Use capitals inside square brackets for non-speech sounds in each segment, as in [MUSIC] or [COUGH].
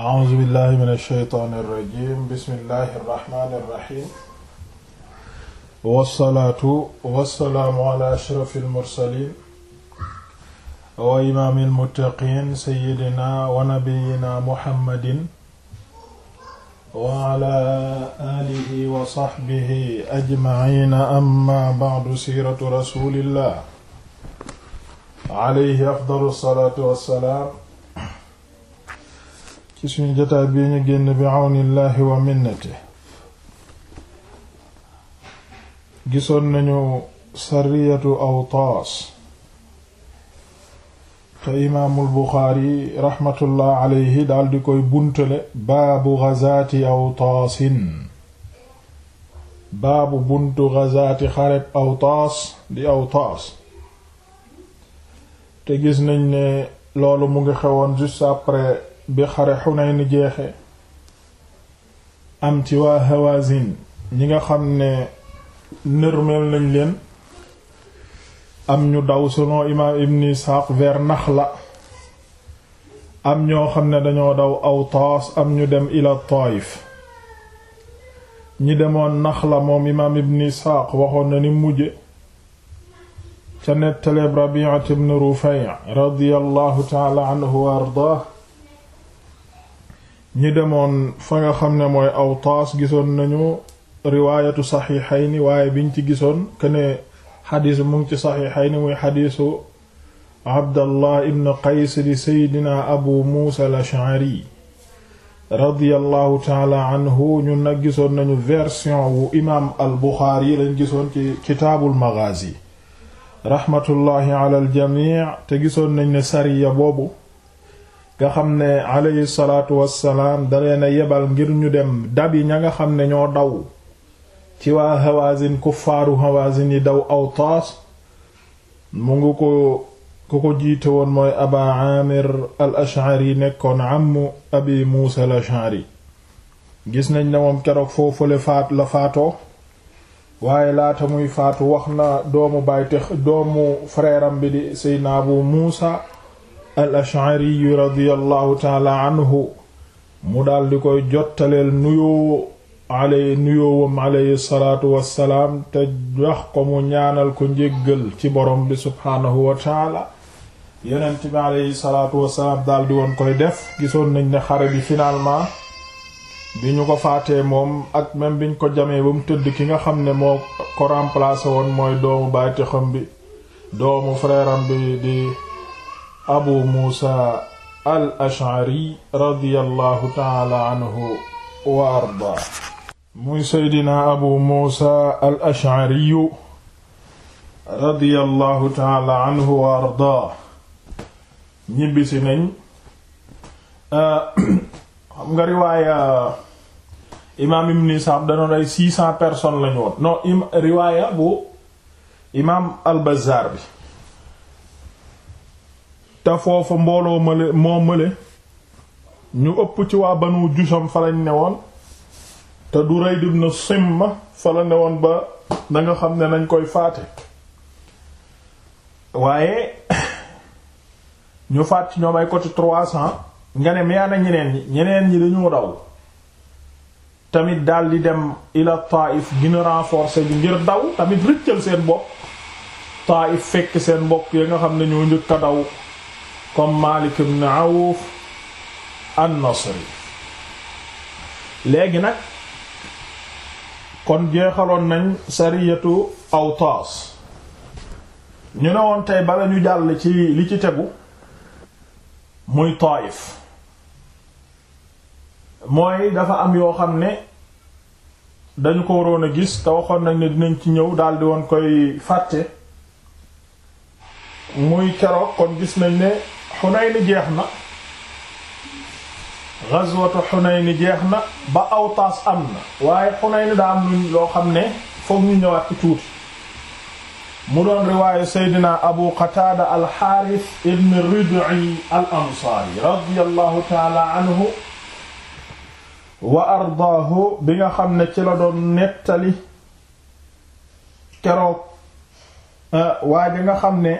a'uuzu billahi mina shaytaani rajiim bismillahi rahmaani rahiim wassalaatu wassalaamu ala ashrafil mursaliin wa imaamil muttaqiin sayyidinaa wa nabiyyinaa muhammadin wa ala aalihi wa sahbihi ajma'iin amma ba'du siiratu rasuulillah alayhi afdalu salaatu wassalaam ci suñu jotaay bi ñu génn bi àwnillaahi wa minnati gisoon nañu sariyatu awtaas te imaamul buxaari raxmatullah alayhi daal di koy buntale baabu gazaati awtaasin baabu buntu gazaati xareb awtaas di awtaas te gis nañ ne loolu mu ngi xewoon juste après bi xare Xunayn jeexe am ci waa Hawazin ñi nga xam ne nërmeel nañ leen am ñu daw selon imaam Ibn Isxaaq vers Naxla am ñoo xam ne dañoo daw Awtaas am ñu dem ila Taayif ñi demoon Naxla moom imaam Ibn Isxaaq waxoon na ni mujje ca nettaleeb Rabi'at ibn Rufay' radiyallahu ta'ala anhu wa ardaah ñi demoon fa nga xam ne mooy Awtaas gisoon nañu riwaayatu saxiixayni waaye biñ ci gisoon këne xadiis mu ngi ci saxiixayni muy xadiisu Abdallah ibn Qays di seydina Abu Muusa al-Ash'ari radiyallahu taala anhu ñun nag gisoon nañu version wu imaam al-Buxaari lañ gisoon ci kitaabul Maghaazi raxmatullaahi ala al-jamii' te gisoon nañ ne sariya boobu nga xam ne alayhi salaatu wassalaam da na a yebal ngir ñu dem dab yi ña nga xam ne ñoo daw ci waa Hawazin kuffaaru Hawazin yi daw Awtaas mu ngi ko ku ko jiite woon mooy Aba Amir al-Ash'ari nekkoon ammu Abi Muusa al-Ash'ari gis nañ ne moom keroog foofule faat la faatoo waaye laata muy faatu wax na doomu baay te doomu frère bi di Seydina Abu Muusa al ashariyu radiyallahu taala anhu mu daldi di koy jottaleel nuyoo alay nuyoowam aleyhi salaatu wassalaam te wax ko mu ñaanal ko njéggal ci borom bi subhaanahu wa yeneen yonent bi aleyhi salaatu wassalaam daal di koy def gisoon nañ ne xare bi finalement bi ñu ko faatee moom ak même biñ ko jamee ba mu tëdd ki nga xam ne moo ko remplacé woon mooy doomu bayti xam bi doomu frère bi di abu muusa al ashari radiyallahu taala anhu wa arda muy seydina abu muusa al ashariyu radiyallahu taala anhu wa arda ñibbisi nañ ah, xam nga riwaaya imaam ibn Isaaq danoon ay six cent personnes lañu woon non riwaaya bu imaam al Bazzaar bi te foofa mbooloo mële moo mële ñu ëpp ci waa banu jusam fa lañ newoon te Durayd ibn Simma fa ne woon ba na xam ne nañ koy faate waaye [COUGHS] ñu faat ci ñoom ay côté trois cents nga ne yaa na ñeneen ñi ñeneen ñi dañoo daw tamit daal di dem ila Taif gina renforcer bi ngir daw tamit rëccal seen bopp Taif fekk seen mbokk ya nga xam ne ñu njëkk daw comme Malik ibn Awf an-Nasri léegi nag kon jeexaloon nañ sariyatu Awtaas ñu ne woon tey bala ñu jàll ci li ci tegu muy Taayif mooy dafa am yoo xam ne dañu ko waroon a gis te waxoon nañ ne dinañ ci ñëw daldi woon koy fàtte muy keroog kon gis nañ ne Xunayn jeex na gazwatu Xunayn jeex na ba Awtaas am na waaye Xunayn daa am luñ loo xam ne foog ñu ñëwaat ci tuuti mu doon riwaayu Seydina Abu Qataada al-Haaris ibn Rib'i al-Ansaari radiyallahu ta'ala anhu wa ardaahu bi nga xam ne ci la doon nettali keroog eh, waa ji nga xam ne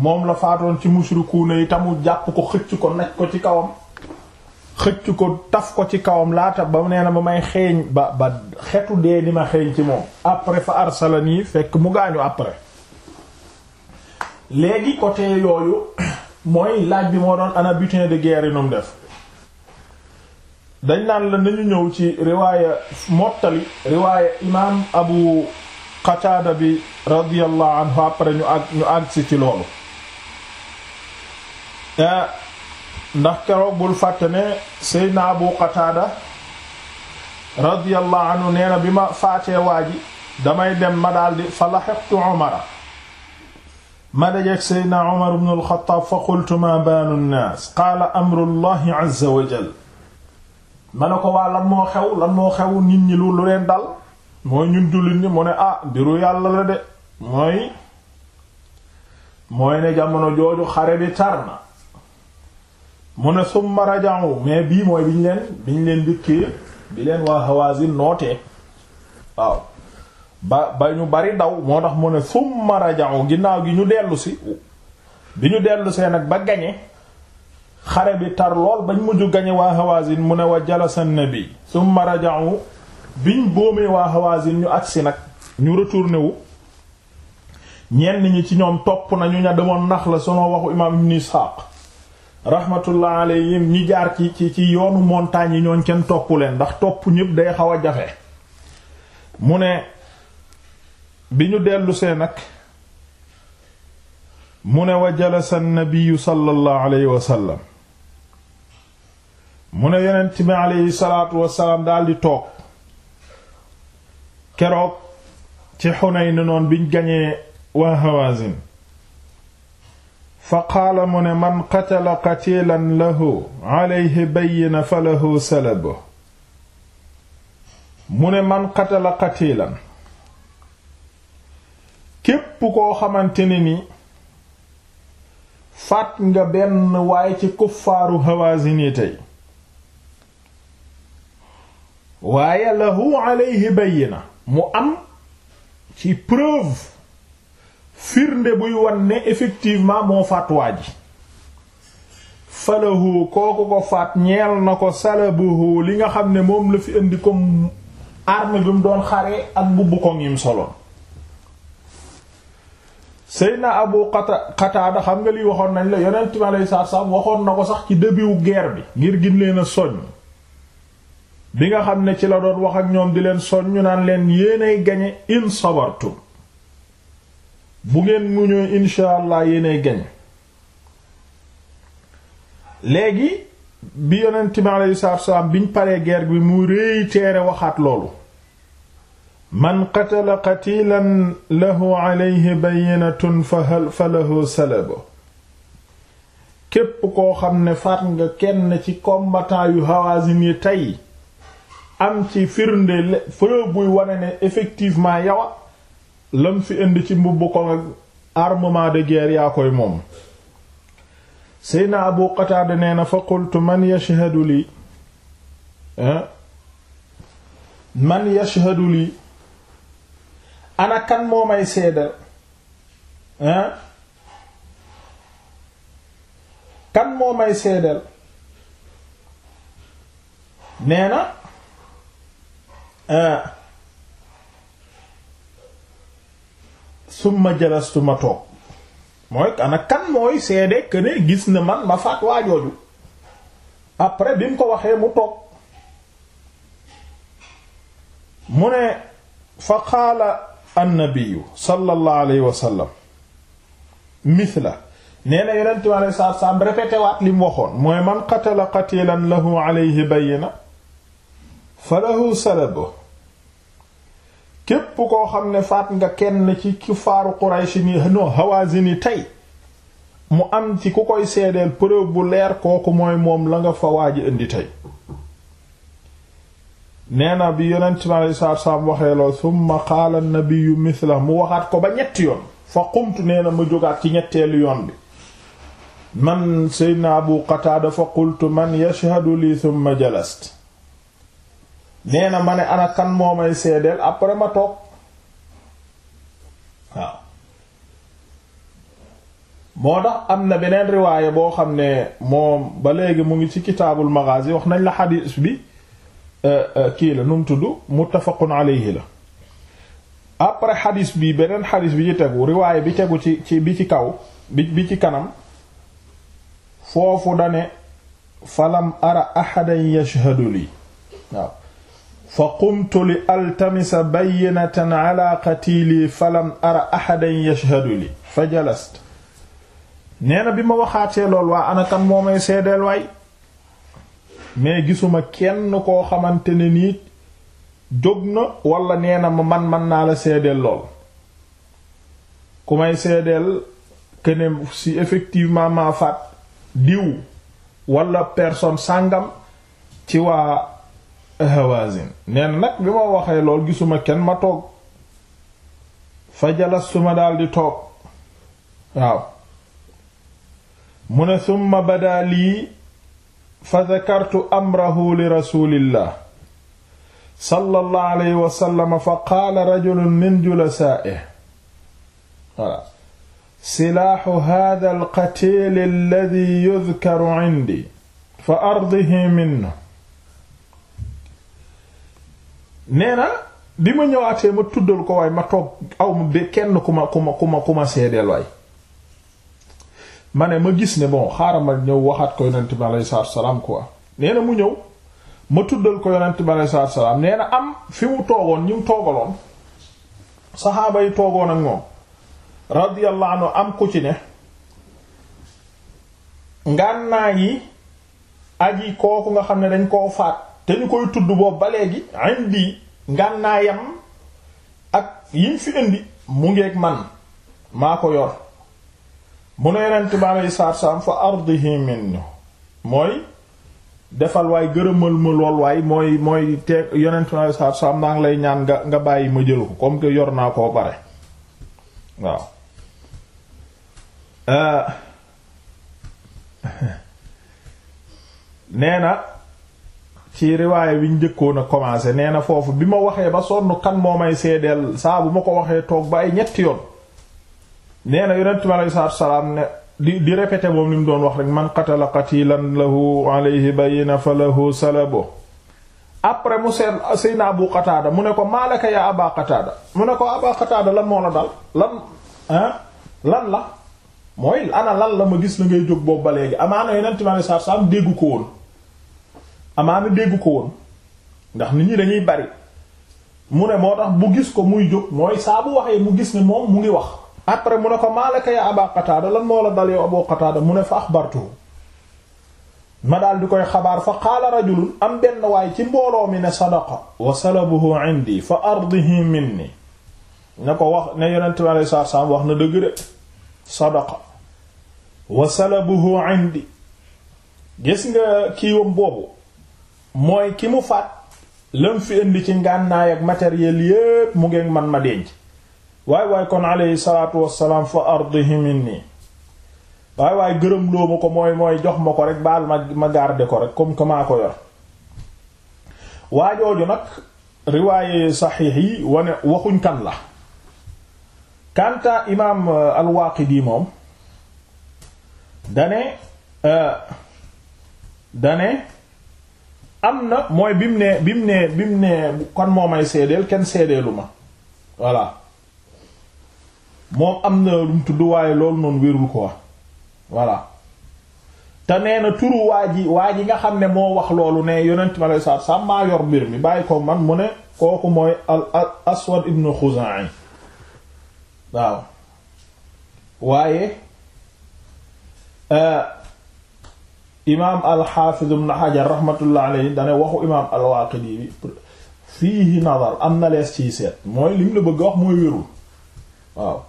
moom la faatoon ci mushrikuuna yi tamu jàpp ko xëcc ko nag ko ci kawam xëcc ko taf ko ci kawam laata ba nee na ba may xeeñ ba ba xetu dee di ma xeeñ ci moom après fa arsalani fekk mu gaañu après léegi côté yooyu [CLEARS THROAT] mooy laaj bi moo doon ana butin de guerre yi nu def dañ naan la nañu ñëw ci riwaaya mottali riwaaya imaam abu qataada bi radiyallahu anhu après ñu ñu àgg si ci loolu ndax keroog bul fàtte ne Seydina Abu Qatada radiyallahu anhu nee na bi ma faatee waa damay dem ma daldi fa lahiqtu Umara ma dajeek Seydina Umar ibn al fa qultu ma baanu nnaas qaala amrullahi azza wa ma ne ko waa lan moo xew lan moo xew nit ñi lu leen dal mooy ñun jullit ñi mu ne ah mbiru yàlla la de mooy mooy ne jamono jooju xare bi tar mu ne summa raja'u mais bii mooy biñ leen biñ leen dikkee bi leen waa Hawazin nootee waaw ba ba ñu bari daw moo tax mu ne summa raja'u ginaaw gi ñu dellu bi ñu dellu see nag ba gañe xare bi tar lool bañ mujj gañe waa Hawazin mu ne wa jalasa nabi summa raja'u biñ boomee waa Hawazin ñu agsi nag ñu retourné wu ñenn ñi ci ñoom topp nañu ña demoon nax la sama waxu imaam Ishaq rahmatullah alayhim ñi jaar ci ci ci yoonu montagne yi ñooñ kenn topp leen ndax topp ñépp day xaw a jafe mu ne bi ñu dellusee nag mu ne wa jalasa nabiyu sallallahu alayhi wa sallam mu ne yonent bi alayhi salaatu wasalaam daldi toog keroog ci Xunayn noon biñ gañee waa Hawazin fa qaala mu ne man qatala qatiilan lahu alayhi bayyina fa lahu salabu mu ne man qatala qatiilan képp koo xamante ne ni faat nga benn waaye ci kuffaaru hawazin waaye lahu alayhi bayyina mu am ci preuve firnde buy wan ne effectivement moo faat waa ji falahu kooku ko faat ñeel na ko salabuhu li nga xam ne moom la fi indi comme arme bi mu doon xare ak mbubb ko mu soloon Seydina Abu Qataada xam nga liy waxoon nañ la yonent mi alayhi salaatu waxoon na ko sax ci début guerre bi ngir gin leen a soññ bi nga xam ne ci la doon wax ak ñoom di leen soññ naan leen yéenay gañe in sabartum bu ngeen mu insha allah yéenay gañ léegi bi yonent bi aleyhi salaatu biñ paree ger bi mu réitérer waxaat loolu man qatala qatilan lahu aleyhi bayyinatun fa lahu salabu képp koo xam ne faat nga kenn ci combattant yu Hawazin yi tey am ci firnde preuve buy wane ne effectivement yawa lam fi indi ci mbubb ko armement de guerre yaa koy moom seyna abu qataada nee na fa qultu man yashhadu li ah, man yashhadu li ana kan moo may seedal ah, kan moo may seedal nee na ah, summa jalastu ma toog mooy ana kan mooy seede que gis na man ma faat waa jooju après bi mu ko waxee mu toog mu ne fa qaala annabiyu sallallahu alayhi wa sallam nee na yonent bi alayhi salaatu salaam répété waat li mu waxoon mooy man qatala qatilan lahu alayhi fa lahu salabuhu képp koo xam ne faat nga kenn ci kufaaru Quraysh ni no Hawazin yi tey mu am ci ku koy seedeel preuve bu leer kooku mooy moom la nga fa waaji indi tey nee na bi yonent mi alei saatu salaam waxee lool summa qaala nabiyu mithla mu waxaat ko ba ñetti yoon fa qumtu nee na ma jógaat ci ñetteelu yoon bi man seydna abu qataada fa qultu man yashhadu li thumma jalast nee na ma ne ana kan moo may seedeel après ma toog waaw moo tax am na beneen riwaaye boo xam ne moom ba léegi mu ngi ci kitaabul maghazi wax nañ la xadiis bi euh, euh, kii la nu mu tudd muttafaqun alayhi la après xadiis bi beneen xadiis bi ci tegu riwaaye bi tegu ci ci bi ci kaw bi bi ci kanam foofu dane falam ara ahadan yashhadu li fa qumtu li altamisa bayyinatan ala qatiili falam ara ahadan yashhadu li fa jalast bi ma waxaatee lool waa anakan moo may seedeel waay mais gisuma kenn koo xamante ne nii jóg na wala nee ma man man naa la seedeel lool ku may seedeel kene si effectivement maa faat diw wala personne sàngam ci waa Hawazin nee na nag bi ma waxee lool gisuma kenn ma toog fa jalastu ma daldi toog waaw mu ne summa badaa lii fa dakartu amrahu li rasulillah sallallahu alayhi wa sallam fa qaala rajulun min julasaa'ihi voilà silaahu haadha alqatiil alladhi yudhkaru indi fa ardihi minhu nee na bi ma ñëwaatee ma tuddal ko waay ma toog aw ma kenn ku ma ku ma ku ma ku ma seedeel ma ne ma gis ne bon xaaral ma ñëw waxaat ko yonent bi aleyhi salaatu salaam quoi nee na mu ñëw ma tuddal ko yonent bi aleyhi salaam nee na am fi mu toogoon ñu mu saxaaba yi toogoon ak moom radiyallahu am ku ci ne ngànnaay yi aji kooku nga xam ne dañ koo faat te ñu koy tudd boobu ba léegi indi ngànnaayam ak yim fi indi mu ngeeg man maa ko yor mu ne yonent bi aleyhi salaatu salaam fa ardihi minhu mooy defal waay gërëmal ma lool waay mooy mooy te yonent bi aleyhi salaatu naa ngi lay ñaan nga nga bàyyi ma jël ko comme que yor naa koo bare waaw euh, [LAUGHS] nee na ci riwaaya wi njëkkoon a commencé nee na foofu bi ma waxee ba sonn kan moo may seedeel saa bu ma ko waxee toog ba ay ñetti yoon nee na yonent mi aleyhi ne di di répété moom li mu doon wax rek man qatala qatilan lahu alayhi bayina fa lahu salabo après mu seet naa bu Qatada mu ne ko maalaka ya Aba Qatada mu ne ko Aba Qatada lan moo la dal lan ah lan la mooy ana lan la ma gis la ngay jóg boobu ba léegi amaana yonent mi aleyhi salaatu dégg ko woon amaana déggu ko woon ndax nit ñi dañuy bari mu ne moo tax bu gis ko muy jóg mooy saa bu waxee mu gis ni moom mu ngi wax après mu ne ko maalaka ya aba qataada lan moo la dal yow abu mu ne fa axbartuhu ma daal di koy xabaar fa qaala rajulun am benn waay ci mbooloo mi ne sadaqa wa salabuhu indi fa ko wax ne yonent wax na dëgg de sadaqa wa salabuhu indi gis nga kiiwam boobu mooy ki mu faat lam fi indi ci ngànnaay ak matériel yépp mu ngeen man ma denc waay waay kon aleyhi salaatu wassalaam fa ardihi minni waay waay gërëm loo ma ko mooy mooy jox ma ko rek baal ma ma garder ko rek comme que maa ko yor waajooju nag riwaaye saxiix yi wane waxuñ kan la kanta imaam uh, al-Waaqidi moom dane uh, dane am na mooy bi mu ne bi mu ne bi mu ne kon moo may seedeel kenn seedeelu ma voilà moom am na lu mu tudd waaye loolu noonu wérul ko voilà te nee na turu waa ji waa ji nga xam ne moo wax loolu ne yonent ma lay saar sam maa yor mbir mi bàyyi ko man mu ne kooku mooy al aswad ibn Xuzaa'i waaw waaye euh, imaam alxaafiz ibn Hajar rahmatullah alayhi dane waxu imaam al-Waaqidi bi fiihi nadar am na lees ciy seet mooy lim la bëgg a wax mooy wérul waaw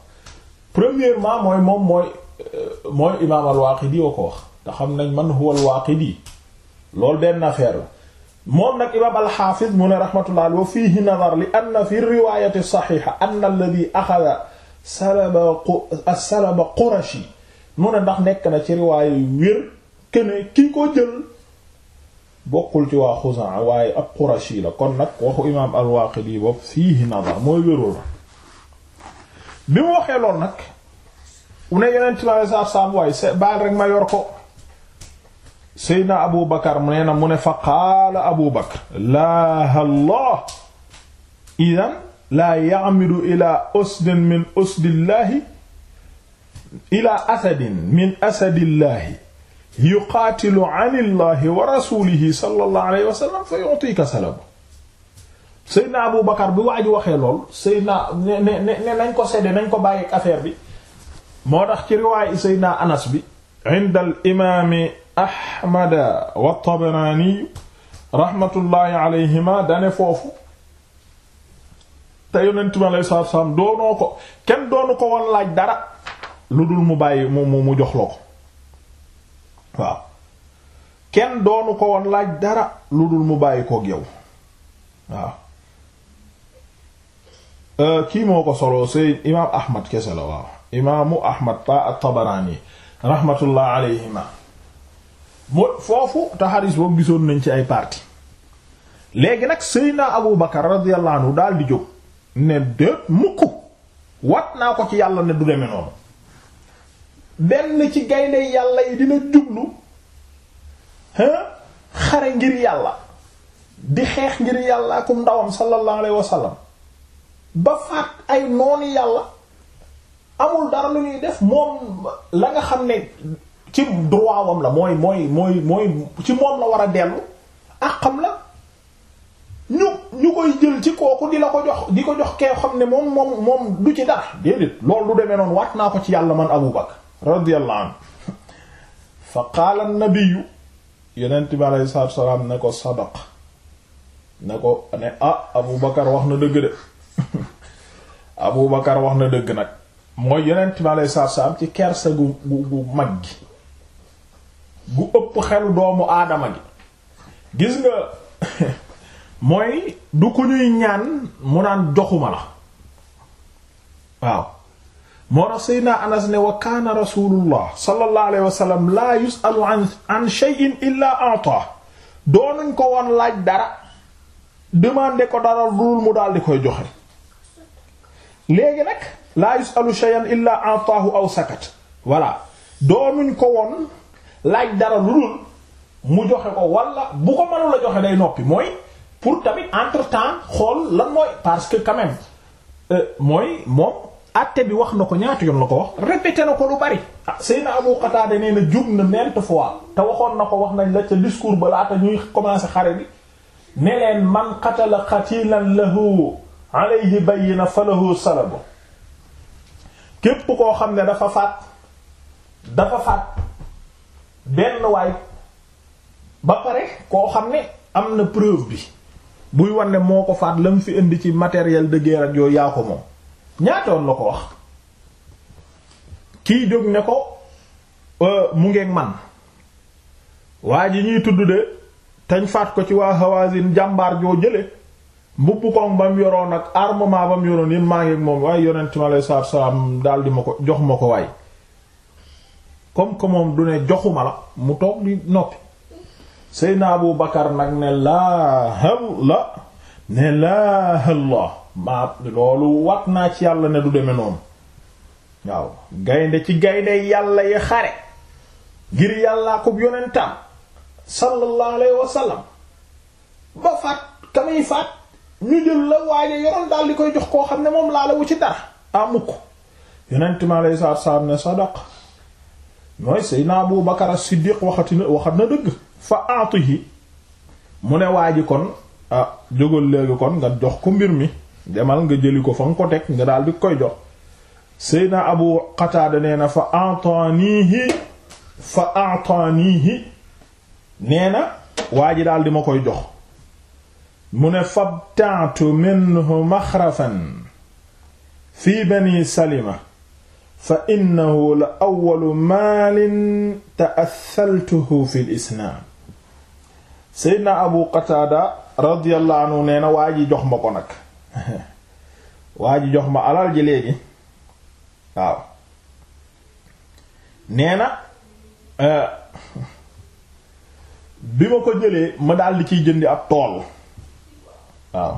premièrement mooy moom mooy euh, mooy imaam al-Waaqidi wa ko wax te xam nañ man huwa al-Waaqidi loolu benn affaire la moom nag imaam alxaafiz mu ne rahmatullah alayhi wa fiihi nadar li anna fi riwaayati saxiixa anna alladhi axada salaba salaba qurashi mu ne ndax nekk na ci riwaaya yu wér këne ki ko jël bokkul ci waa Xuzaa waaye ab Qurashi la kon nag waxu imaam al-Waaqidi bopp fiihi nadar mooy wérul la bi mu waxee lool nag u ne yeneen ci ma saaf saaf waaye se baal rek ma yor ko Seydina Abu Bakar mu nee na mu ne fa qaala Abu Bakar laa Allah idan laa ya'midu ila usdin min usdillahi ila asadin min asadillahi yuqaatilu anillahi wa rasulihi sallallahu alayhi wa sallam fa yu'tika salaba Seydina Abu Bakar bi waa ji waxee lool Seydina ne ne ne nañ ko sedde nañ ko bàyyeeg affaire bi moo tax ci riwaayu Seydina Anas bi inda al imaami Ahmad wa Tabaraani rahmatullahi alayhima dane foofu te yonent bi alayhi salaatu wa salaam doonoo ko kenn doonu ko woon laaj dara lu dul mu bàyyi mu mu jox la ko waaw kenn doonu ko woon laaj dara lu dul mu bàyyi koog yow waaw euh, kii moo ko solo say imaam ahmad kese la waaw imaamu ahmad pa at-Tabarani rahmatullah alayhima mu foofu te xadis boobu gisoon nañ ci ay parti léegi nag Seydina Abu Bakar radiyallahu daal di jóg ne déet mukk wat naa ko ci yàlla ne du deme noonu benn ci gaynde yàlla yi dina jublu xare ngir yàlla di xeex ngir yàlla akum ndawam sallallahu alayhi wa sallam ba faat ay noonu yàlla amul dara lu ñuy def moom la nga xam ne ci droit wam la mooy mooy mooy mooy ci moom la war a dellu ak xam la ñu ñu koy jël ci kooku di la ko jox di ko jox kee xam ne moom moom moom du ci dara déedéet loolu du demee noonu waat naa ko ci yàlla man Abu Bakar radiyallahu anhu fa qaala nabiyu yonent bi aleyhi salaam ne ko sadaq ne ko ne ah abu wax na dëgg de [LAUGHS] abu wax na dëgg nag mooy yonent bi aleyhi salaam ci kersa gu gu gu mag gi gu ëpp xelu doomu aadama gi gis nga [LAUGHS] mooy du ko ñuy ñaan mu naan joxuma la waaw moo tax naa Anas ne wa kaana rasulullah sallallahu alayhi wa sallam laa yusalu an an shay'in illaa a'taahu doonuñ ko woon laaj dara demandé ko dara dul mu daal di koy joxe léegi nag laa yusalu shay'an illaa a'taahu aw sakat voilà doonuñ ko woon laaj dara dul mu joxe ko wala bu ko mënul a joxe day noppi mooy pour tamit entre temps xool lan mooy parce que quand euh, mooy moom. atte bi wax na ko ñaati yoon la ko wax répété na ko lu bari ah Seydina Abu Qatada nee na jub na maintes fois te waxoon na ko wax nañ la ca discours ba laata ñuy commencé xare bi ne leen man qatala qatilan lahu alayhi bayyina falahu salabu képp koo xam ne dafa faat dafa faat benn waay ba pare koo xam ne am na preuve bi buy wan ne moo ko faat la mu fi indi ci matériel de guerre ak yooyu yaa ko moom ñaatoon la ko wax kiy jóg ne ko euh, mu ngeeg man waa ji ñuy tudd de tañ faat ko ci waa Hawazin jàmbaar joo jële mbubb koŋ ba mu yoroon ak armement ba mu yoroon yépp maa ngeeg moom waaye yonent mi aleyhi salaatu salaam daal di ma ko jox ma ko waay comme que du ne joxuma la mu toog di noppi Seydina Abu Bakar nag ne laa hal la ne laa hal la maa loolu wat naa ci yàlla ne du deme noonu waaw gaynde ci gaynde yàlla yi xare ngir yàllaa ko yonentam sallallahu alayhi wa sallam ba faat kamay faat ñu jël la waaye yoroon daal koy jox koo xam ne moom laa la wu ci dara amukk yonent mi alayhi salaatu salaam ne sadaq mooy Seydina Abu Bakar as-Siddiq waxati na waxat na dëgg fa aatihi mu ne waa kon a ah, jógal léegi kon nga jox ko mbir mi demal nga jëli ko fa ko teg daal di koy jox Seydina Abu Qatada nee na fa atanihi fa atanihi nee waa ji daal di ma koy jox mu ne fabta'tu minhu maxrafan fi bani salima fa innahu la awwalu maalin ta'assaltuhu fil islaam Seydina Abu Qatada radiyallahu anhu nee na waa ji jox ma ko nag [LAUGHS] waa ji jox ma alal ji léegi waaw nee na euh, bi ma ko jëlee ma daal di ciy jëndi ab tool waaw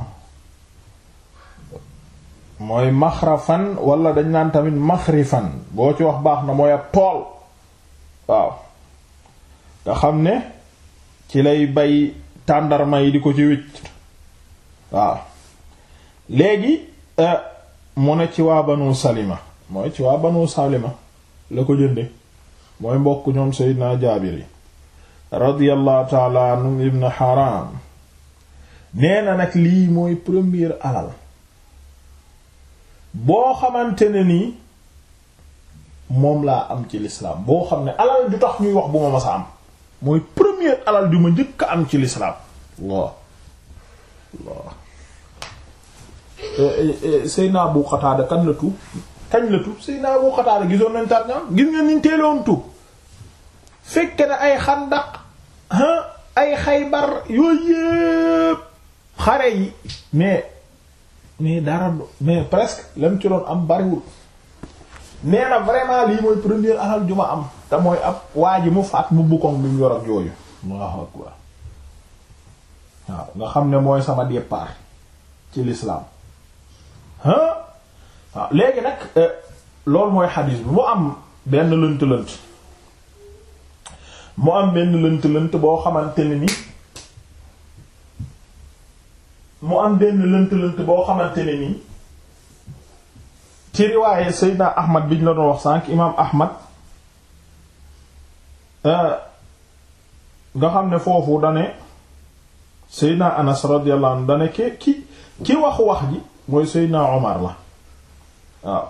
mooy maxrafan wala dañ naan tamit fan boo ci wax baax na mooy ab tool waaw te xam ne ci lay bay tàndarma yi di ko ci wicc waaw léegi euh, mu ne ci waa banu salima mooy ci waa banu salima la ko jënde mooy mbokk ñoom seydina jaabir yi radiyallahu taala anhu ibn haram nee na nag lii mooy premier alal boo xamante ne nii moom laa am ci lislaam boo xam ne alal du tax ñuy wax bu ma masa am mooy premier alal du ma njëkk a am ci lislaam Allah Allah Eh, eh, Seydina Abu Qatada kan la tuub kañ la tuub Seydina Abu Qatada gisoon nañ taat ñaam gis ngeen niñ teeloon tuub fekke na ay xandaq ay xaybar yooyu yëpp xare yi mais mais dara mais presque lam ci doon am bariwul nee na vraiment lii mooy première alal ju ma am te mooy ab waa ji mu faat mu bukkoŋ bi mu yor ak waaw nga xam ne mooy sama départ ci l'islam waaw ah, léegi nag euh, loolu mooy xadiis bi mu am benn lënt-lënt mu am benn lënt-lënt boo xamante ne ni mu am benn lënt boo xamante ne ni ci riwaaye Seydina Ahmad biñ la doon wax sànq imaam Ahmad euh, nga xam ne foofu dane Seydina Anas radiyallahu anhu dane ki ki ki wax wax ji mooy Seydina Omar la waaw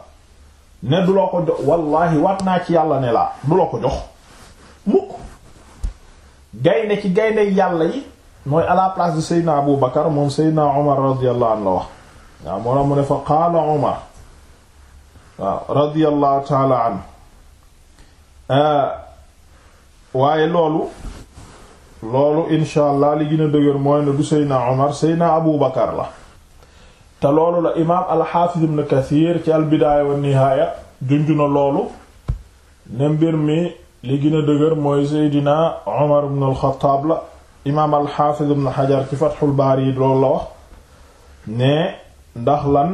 ne du la ko jox wallaahi waat naa ci yàlla ne laa du la ko jox mukk gaynde ci gaynde yàlla yi mooy à la place de Abu Bakar moom Seydina Omar radiyallahu anhu la wax waaw moo la mu ne fa qaala Omar waaw radiyallahu taala anhu euh, waaye loolu loolu insha li gën a dëgër mooy ne du Seydina Omar Seydina Abu Bakar la te loolu la imaam alxaafiz ibn kathir ci albidaaya wa nihaaya junju na loolu ne mbir mi li gën dëgër mooy seydina omar ibn alxataab la imaam alxaafiz ibn xajar ci fatxul baari yi loolu la wax ne ndax lan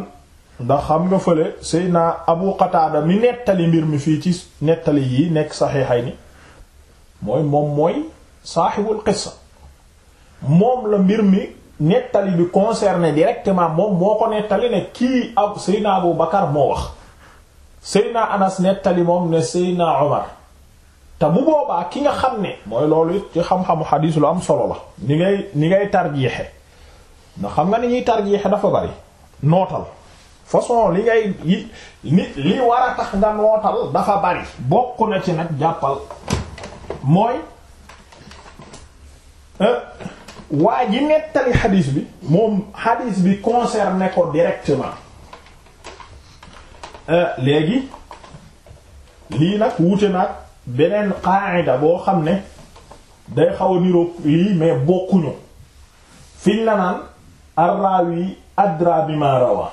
ndax xam nga fële seydina abu qataada mi nettali mbir mi fii ci nettali yi nekk saxiixay ni mooy moom mooy saaxibul qissa moom la mbir mi nettali bi concerné directement moom moo ko nettali ne kii ab Seydina Abu Bakar moo wax Seydina Anas nettali moom ne Seydina Omar te mu boobaa ki nga xam ne mooy loolu it ci xam-xamu xadiis lu am solo la ni ngay ni ngay tarjiixe ndax xam nga ni ñuy tarjiixe dafa bari nootal façon li ngay li li war a tax nga nootal dafa bari bokk na ci nag jàppal mooy euh, waa ji nettali xadiis bi moom xadiis bi concerné ko directement euh, léegi lii nag wuute nag beneen qaida boo xam ne day xaw a niroog lii mais bokkuñu fiñ la naan arraawi adra bi ma rawa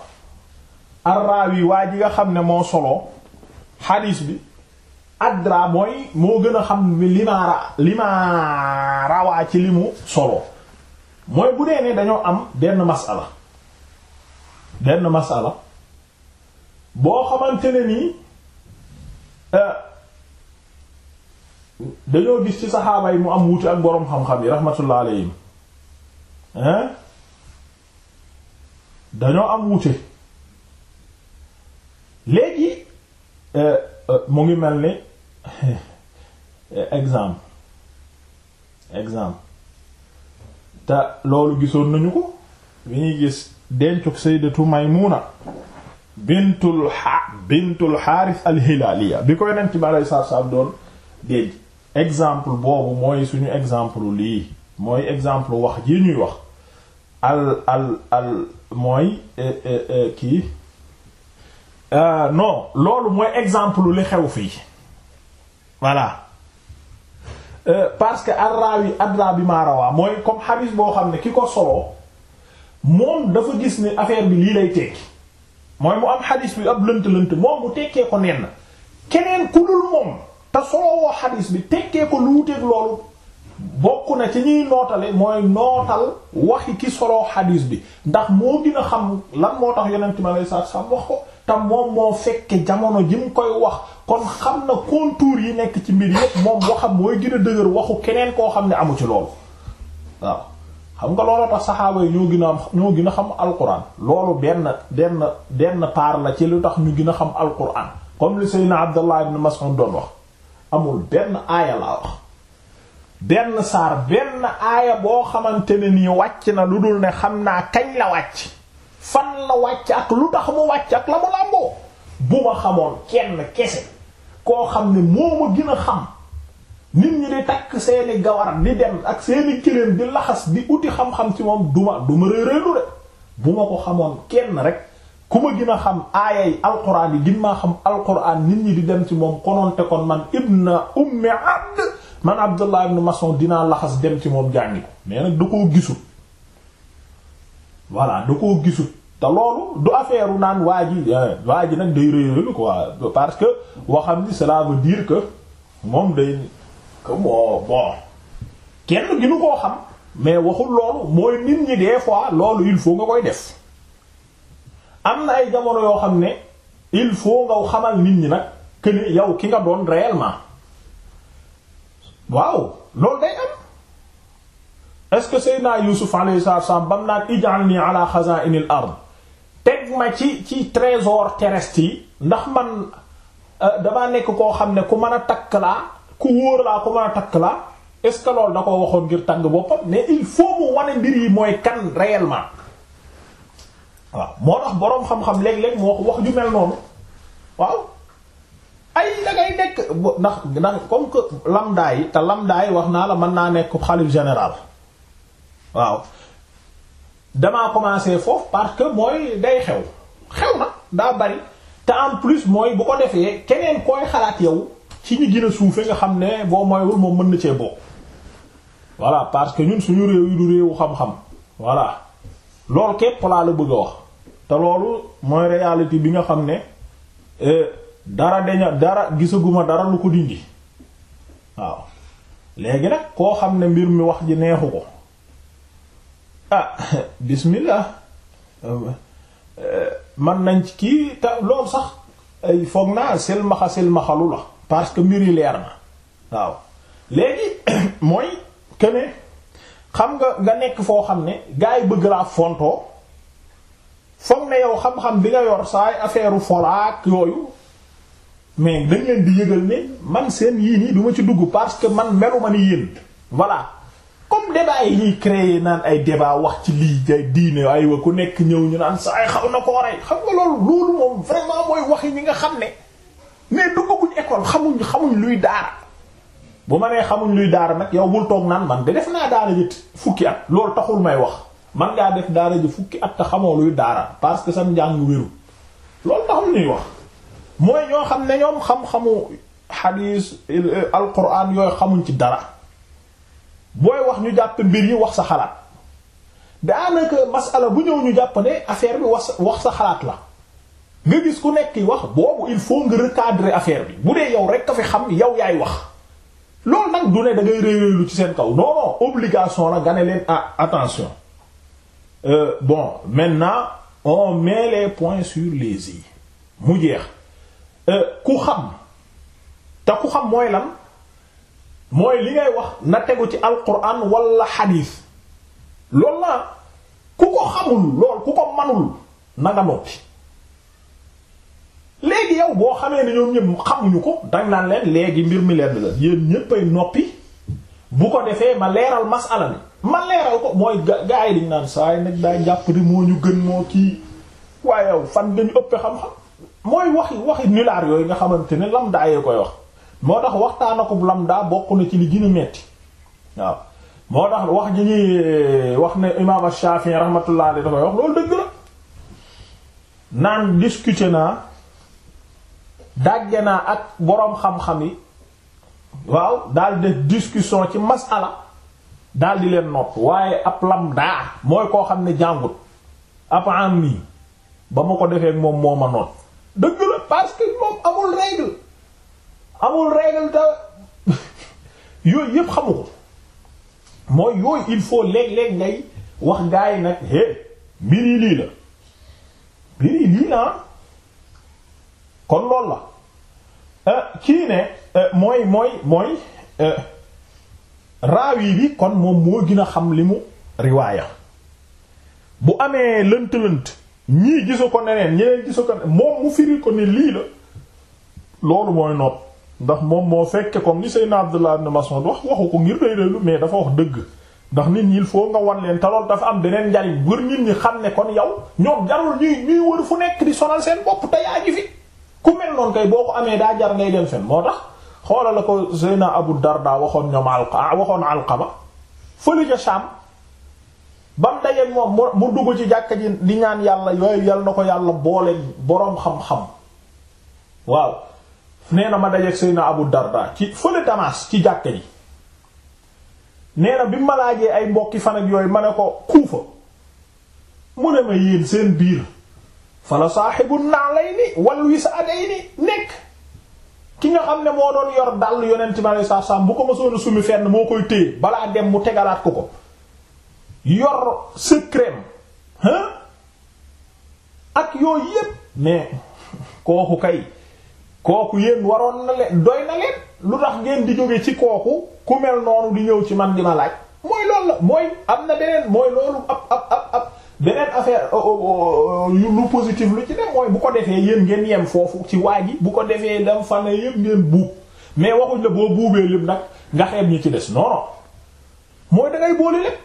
arraawi waa ji nga xam ne moo solo xadiis bi adra mooy moo gën a xam li ma rawaa ci li mu solo mooy bu dee ne dañoo am benn masala benn masala boo xamante ne nii euh, dañoo gis ci saxaaba yi mu am wuute ak boroom xam-xam yi rahmatullah alayhim hein dañoo am wuute léegi euh, euh, mu ngi mel ni [LAUGHS] exemple exemple te loolu gisoon nañu ko bi ñuy gis dencuk sayyidatu Maymuna bintul a bintul Haaris al-Hilaaliya bi ko yonent bi alei saatu salaam doon déej exemple boobu mooy suñu exemple lii mooy exemple wax ji ñuy wax al al al mooy eh, eh, eh, kii euh, no loolu mooy exemple li xew fii voilà Euh, parce que arraawi adra bi maa rawaa mooy comme xadiis boo xam ne ki ko soloo moom dafa gis ni affaire bi lii lay tekki mooy mu am xadiis bi ab lënt-lënt moom mu tekkee ko nen keneen ku dul moom te soloo xadiis bi tekkee ko lu wuteeg loolu bokk na ci ñuy nootale mooy nootal waxi ki soloo xadiis bi ndax moo gën a xam lan moo tax yeneen mi alayhi salaatu wa wax ko te moom moo fekke jamono ji mu koy wax kon xam na contour yi nekk ci mbir yépp moom waxam mooy gën a dëgër waxu keneen koo xam ne amu ci loolu waaw xam nga looloo tax saxaaba yi ñoo gën a am ñoo gën a xam alquran loolu benn benn benn paar la ci lu tax ñu gën a xam alquran comme li Seydina Abdallah ibn Mas'ud doon wax amul benn aaya laa wax benn saar benn aaya boo xamante ne nii wàcc na lu dul ne xam naa kañ la wàcc fan la wàcc ak lu tax mu wàcc ak la mu làmboo bu ma xamoon kenn kese koo xam ne moo ma gën a xam nit ñi di takk seeni gawar di dem ak seeni këléem di laxas di uti xam-xam ci moom duma duma réeréeru de bu ma ko xamoon kenn rek ku ma gën a xam aayay alquran yi gin maa xam alquran nit ñi di dem ci moom konoonte kon man ibn ummi abd man abdullah ibn mas'ud dinaa laxas dem ci moom jàngi ko mais nag du koo gisul voilà du ko gisut te loolu du affaire u naan waa ji eh, waa ji nag day réyal quoi parce que waxam ni cela veut dire que moom day que moo bon kenn ginu koo xam mais waxul loolu mooy nit ñi des fois loolu il faut nga koy def am na ay jamono yoo xam ne il faut nga xamal nit ñi nag que ni yow ki nga doon réellement waaw loolu day am est-ce que Seydina Yuusuf alayhi salaam bam naan ij'alni ala xazaa'inil ard teg ma ci ci trésor terrestre yi ndax man euh, damaa nekk koo xam ne ku mën a takk laa ku wóor laa ku mën a takk laa est da ko waxoon ngir tàng boppam mais il faut wane mbir yi mooy kan réellement waaw moo tax boroom xam-xam léeg-léeg mu wax wax ju mel noonu waaw ay da ngay nekk ndax ndax comme que lamdaay te lamdaay wax naa la mën naa nekk xalif général waaw damaa commencé foofu parce que mooy day xew xew na daa bari te en plus mooy bu ko defee keneen koy xalaat yow ci ñi gën a nga xam ne boo moywul moom mën na cee bokk voilà parce que ñun suñu réew yi du réewu xam-xam voilà loolu képp laa la bëgg wax te loolu mooy réalité bi nga xam ne euh, dara daña dara gisaguma dara lu ko dindi waaw léegi nag koo xam ne mbir mi wax ji neexu ko ah [LAUGHS] euh, euh, man nañ ci kii te loolu sax ay foog naa silmaxa silmaxalu la parce que mbir yi leer na waaw léegi [COUGHS] mooy que xam nga nga nekk foo xam ne gars yi bëgg laa fontoo foog na yow xam-xam bi nga yor saay affaire folaak yooyu mais dañ leen di yëgal ni man seen yii nii du ma ci dugg parce que man melu ma ni yéen voilà comme débat yi ñuy créer naan ay débat wax ci lii ay diine ay ku nekk ñëw ñu naan saa ay xaw na koo rey xam nga loolu loolu moom vraiment mooy waxi ñi nga xam ne mais duggaguñ école xamuñ xamuñ luy daara bu ma nee luy daara nag yow bul toog naan man de def naa daara ji fukki at loolu taxul may wax man ngaa def daara ji fukki at te xamoo luy daara parce que sam njàng wéru loolu taxul ñuy wax mooy ñoo xam ne ñoom xam-xamu xadiis euh, alquran yooyu xamuñ ci dara. booy wax ñu jàpp mbir yi wax sa xalaat daanaka masala bu ñëw ñu jàpp ne affaire bi wax wax sa xalaat la nga gis ku nekk yi wax boobu il faut nga recadrer affaire bi bu dee yow rek ka fi xam yow yaay wax loolu nag du ne da ngay réeréelu ci seen kaw non non obligation la nga ne leen ah, attention euh, bon maintenant on met les points sur les i mu jeex euh, ku xam te ku xam mooy lan. mooy li ngay wax na tegu ci alquran wala xadiis loolu la ku ko xamul lool ku ko manul na nga noppi léegi yow boo xamee ne ñoom ñëpp xamuñu ko dañ naan leen léegi mbir mi leen la yéen ñéppay noppi bu ko defee ma leeral masala bi ma leeral ko mooy gaa yi dañ naan saa yi nag daay jàpp di moo ñu gën moo kii waaye yow fan dañu ëppee xam-xam mooy waxi waxi nilaar yooyu nga xamante ne lam daayee koy wax moo tax waxtaanakub lamda bokk na ci li gën metti waaw moo tax wax ji ñuy eh, wax ne imaam Shafi'i rahmatullah alayhi da koy wax loolu dëgg la naan discuter naa dàgge naa ak boroom xam-xam yi waaw daal def discussion ci masala daal di leen nopp waaye ab lamda mooy koo xam ne jàngut ab am nii ba ma ko defee moom moo ma noon dëgg la parce moom amul règle amul règle te yooyu yëpp xamu ko mooy yooyu il faut léeg-léeg ngay wax gaay yi nag é mbir yi lii la mbir lii la ah. kon loolu la euh, kii ne euh, mooy mooy mooy euh, raawi bi kon moom moo gën a xam li mu riwaaya bu amee lënt-lënt ñii gisu ko neneen ñeneen gisu ko moom mu firi ko ni lii la loolu mooy nopp ndax moom moo fekke comme ni Seydina Abdullah ibn Mas'ud wax waxu ko ngir rëy rëylu mais dafa wax dëgg ndax nit ñi il faut nga wan leen talool dafa am beneen njariñ bër nit ñi xam ne kon yow ñoom jarul ñuy ñuy fu nekk di sonal seen bopp te yaa ngi ku mel noonu kay boo ko amee daa jar ngay dem fen moo tax xoola a ko Seydina Abu daa waxoon ñoom Alqa ah, waxoon Alqama fële ca Sham bam dajeeg moom mu dugg ci jàkka ji di ñaan yàlla yooy yal na ko yàlla boole boroom xam nee na ma dajeeg Seydina Abu Darda ci fële Damas ci jàkka ji nee bi ma laajee ay mbokki fan yooyu ma ne ko Kuufa mu ne ma yéen seen biir fala saaxibu naalayni wal wisaadayni nekk ki nga xam ne moo doon yor dàll yonent bi alayhi salaatu salaam bu ko mësoon a sumi fenn moo koy téye balaa dem mu tegalaat ko ko yor secret hein ak yooyu yépp mais [LAUGHS] kooku kay kooku yéen waroon na leen doy na leen lu tax ngeen di jóge ci kooku ku mel noonu di ñëw ci man di ma laaj mooy loolu mooy am na beneen mooy loolu ab ab ab ab beneen affaire oh, oh, oh, yu lu positif lu ci dem mooy bu ko defee yéen ngeen yem foofu ci waa ji bu ko defee dem fan yépp ngeen buub mais waxuñ la boo buubee lépp nag nga xeeb ñi ci des non non mooy dangay boole lépp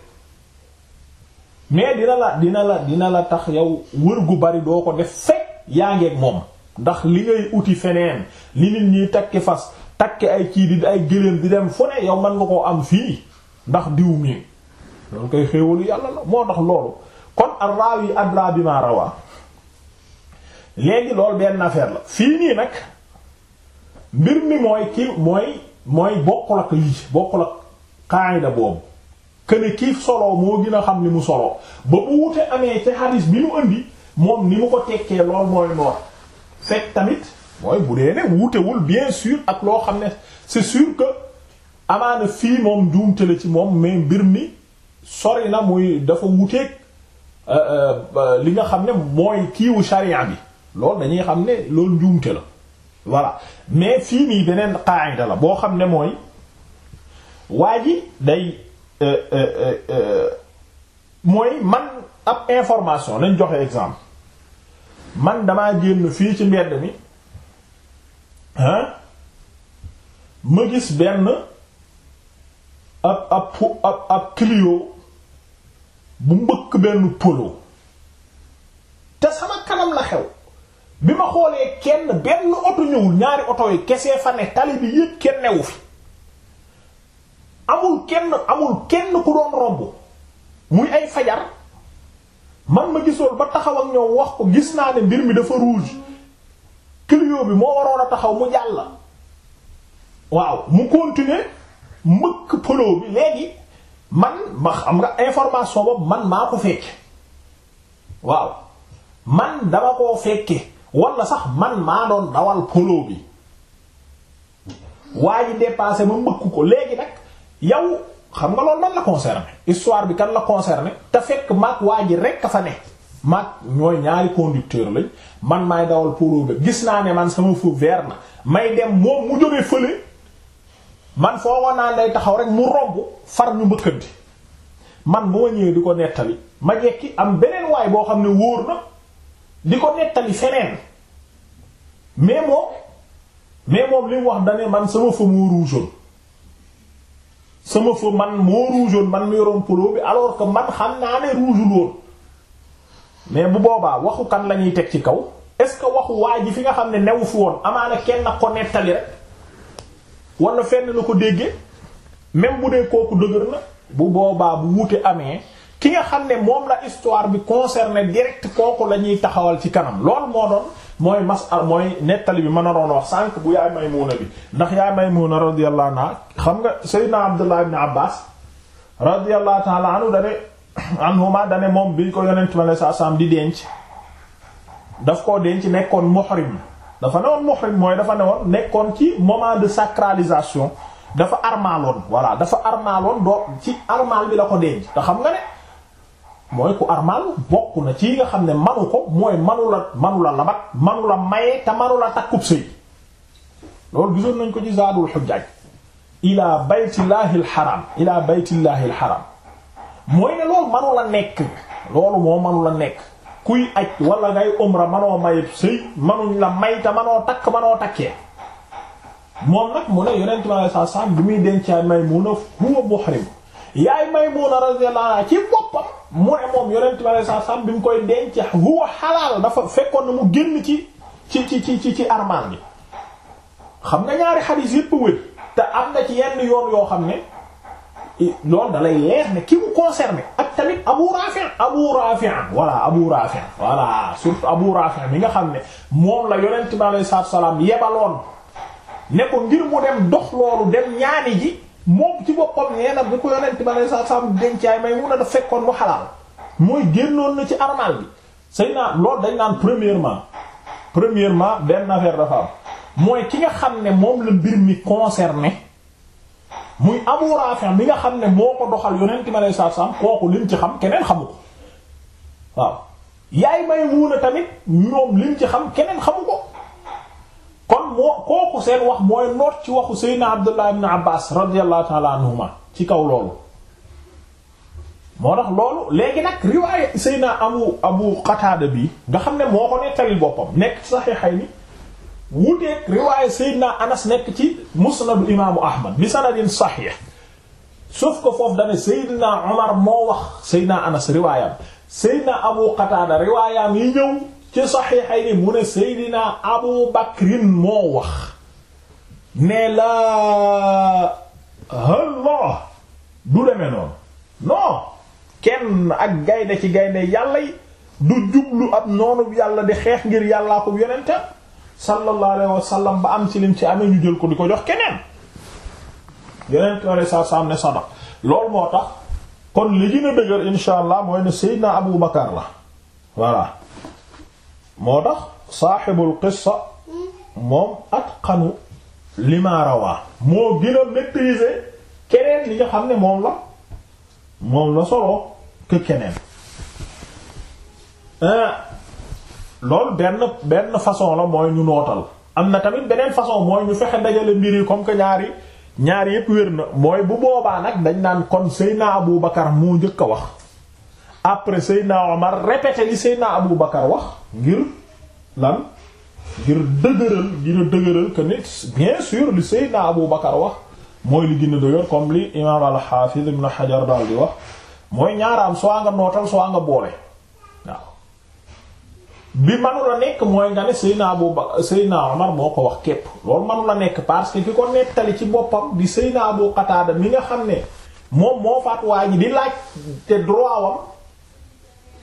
mais dina la dina la dina la tax yow wër gu bari doo ko def fekk yaa ngeen moom. ndax li ngay uti feneen li nit ñiy takki fas takki ay kii di ay gëléem di dem fu ne yow mën nga koo am fii ndax diw mi loolu koy xéewalu yàlla la moo tax loolu kon ar-rawi adra bima rawa léegi loolu benn affaire la fii nii nag mbir mi mooy ki mooy mooy bokkul ak lii bokkul ak qaida boobu këne kii soloo moo gën xam ni mu soloo ba bu wute amee ci hadis bi mu indi moom ni mu ko tekkee lool mooy noor fekk tamit mooy bu dee ne wutewul bien sûr ak loo xam ne c'est sûr que amaana fii moom njuumte la ci moom mais mbir mi sori na muy dafa wuteeg euh, euh, euh, li nga xam ne mooy kiiwu charia bi loolu dañuy xam ne loolu njuumte la voilà mais fii nii beneen qaida la boo xam ne mooy waa ji day mooy man ab information nañ joxe exemple man damaa génn fii ci mbedd mi hein ma gis benn ab ab ab ab Clio bu mbëkk benn polo te sama kanam la xew bi ma xoolee kenn benn oto ñëwul ñaari oto yi kese fa ne tali bi kenn newu fi amul kenn amul kenn ku doon romb muy ay fajar man ma gisool ba taxaw ñoom wax ko gis naa ne mbir mi dafa rouge clio bi moo waroon a taxaw mu jàll waaw mu continuer mbëkk polo bi léegi man ma xam nga information boobu man maa ko fekke waaw man dama koo fekke walla sax man maa doon dawal polo bi waa ji dépassé ma mbëkk ko léegi nag yow xam nga loolu man la concerné histoire bi kan la concerné te fekk maag waa ji rek a fa ne maag ñooy ñaari conducteur lañ man maay dawal polo ba gis naa ne man sama feu vert na may dem moom mu jógee naa lay taxaw rek mu romb far ñu mbëkkanti man bu ma di ko nettali ma jekki am beneen waay boo xam ne wóor na ko nettali feneen mais moom mais moom li da man sama feu moo sama feu man moo rougeoon man mu yoroon bi alors que man xam naa ne rougeul woon mais bu boobaa waxu kan la ñuy teg ci kaw est-ce que waxu waa ji fi nga xam ne newu fi woon amaana kenn nag ko nettali rek wala fenn la ko déggee même bu dee kooku dëgër na bu boobaa bu wuute amee ki nga xam ne moom la histoire bi concerné direct kooku la ñuy taxawal ci kanam loolu moo doon. mooy mas ah, mooy nettali bi ma naroon wax sànq bu yaay Maymuna bi ndax yaay Maymuna radiyallahu anha xam nga Seydina Abdullah ibn Abbas radiyallahu ta'ala anhu dane [COUGHS] anhuma dane moom bi ko yonent ma sa sam di denc daf koo denc nekkoon muhrim dafa newoon muhrim mooy dafa newoon nekkoon ci moment de sacralisation dafa armaaloon voilà dafa armaaloon doo ci armal bi la ko denc te xam nga ne mooy ku armal bokk na ci nga xam ne manu ko mooy manu la manu la labat manu la maye te manu la takkub sëy loolu gisoon nañ ko ci zaadul xujjaaj ila baytillahi alxaram ila baytillahi alxaram mooy ne loolu manu la nekk loolu moo manu la nekk kuy aj wala ngay umra manoo maye sëy manuñ la may te manoo takk manoo takkee moom nag mu ne yonent bi sallallahu alayhi wasallam bi muy dencaay may mu na huwa muhrim yaay Maymuna radiyallahu anha ci boppam mu ne moom yonent bi alayhi salaam bi mu koy denc huwa xalaal dafa fekkoon na mu génn ci ci ci ci ci ci armaan bi xam nga ñaari xadiis yépp wér te am na ci yenn yoon yoo xam ne loolu da lay leer ne ki mu concerné ak tamit Abu Rafi Abu Rafi voilà Abu Rafi voilà surtout Abu Rafi mi nga xam ne moom la yonent bi alayhi salaam yebaloon ne ko ngir mu dem dox loolu dem ñaani ji moom ci boppam nee na bu ma yonent ba ne sa sam dencaay may mun a daf fekkoon mu xalaal mooy génnoon na ci armal bi say naa loolu dañ naan premièrement premièrement benn affaire dafa am mooy ki nga xam ne moom la mbir mi concerné muy Abu Rafi mi nga xam ne moo ko doxal yonent ma lay saa saam kooku lim ci xam keneen xamu ko waaw yaay may wuuna tamit ñoom lim ci xam keneen xamu ko kon moo kooku seen wax mooy noot ci waxu Seydina Abdullah ibn Abbas radiyallahu ta'ala anhuma ci kaw loolu moo tax loolu léegi nag riwaaye Seydina Abu Abu Qatada bi nga xam ne moo ko nettali boppam nekk ci Sahihayni wuteeg riwaaye Seydina Anas nekk ci musnadu imaamu Ahmad bi sanadin sahih sauf que foofu dane Seydina Omar wax Seydina Anas riwaayam Seydina Abu Qatada riwaayaam yi ñëw ci saxiixayni mu ne Seydina Abu Bakrin moo wax ne laa Allah du demee noonu non kenn ak gaynde ci gaynde yàlla yi du jublu ab noonu yàlla di xeex ngir yàllaa ko yonente sallallahu alayhi wa sallam ba am ci lim ci amee ñu jël ko di ko jox keneen yeneen tool yi sax ne sadaq loolu moo tax kon li gën a dëgër insha allah mooy ne Seydina Abu Bakar la moo tax saaxibul qissa moom atqanu lima rawaa moo gën a maîtriser keneen li nga xam ne moom la moom la soloo que keneen euh, loolu benn benn façon la mooy ñu nootal am na tamit beneen façon mooy ñu fexe dajale mbir yi comme que ñaari ñaari yépp wér na mooy bu boobaa nag dañ daan kon Seyna Abu Bakar moo njëkk a wax après Seydina Omar répété li Seydina Abu Bakar wax ngir lan ngir dëgëral ngir dëgëral que nit bien sûr li Seydina Abu Bakar wax mooy li gën a dëgër comme li imaam al-Hafiz Ibn Hajar daal di wax mooy ñaaraam soo nga nootal soo nga boole waaw bi manu la nekk mooy nga ne Seydina Abu Bakar Seydina Omar moo ko wax képp loolu la nekk parce ci boppam di Seydina Abu Qatada mi nga xam ne moom moo faat waa di laaj te droit wam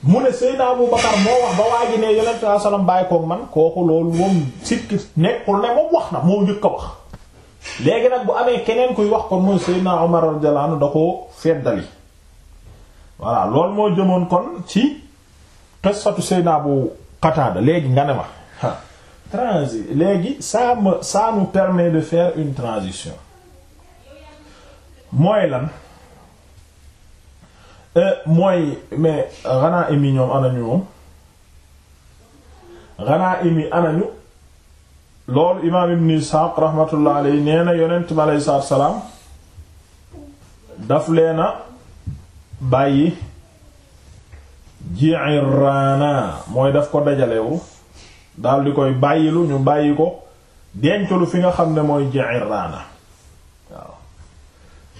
mu ne Seydina Abu Bakar moo wax ba waa ji ne yonent saa salaam bàyyi man kooku loolu moom sikki nekkul ne moom wax na moo njëkk wax. léegi nag bu amee keneen kuy wax kon mooy Seydina Umar radiyallahu anhu da voilà loolu moo jëmoon kon ci qissatu Seydina Abu Qatada léegi nga ne ma transi léegi ça me ça nous permet de faire une transition mooy lan. Euh, mooy mais xanaa euh, imi ñoom anañu moom xanaa yi anañu loolu imaam ibn Isxaaq rahmatullah alayhi nee yonent mi alayhi salaatu salaam daf leena bàyyi Ji'irraana mooy daf ko dajalewu daal di koy bàyyilu ñu bàyyi ko denc lu fi nga xam ne mooy Ji'irraana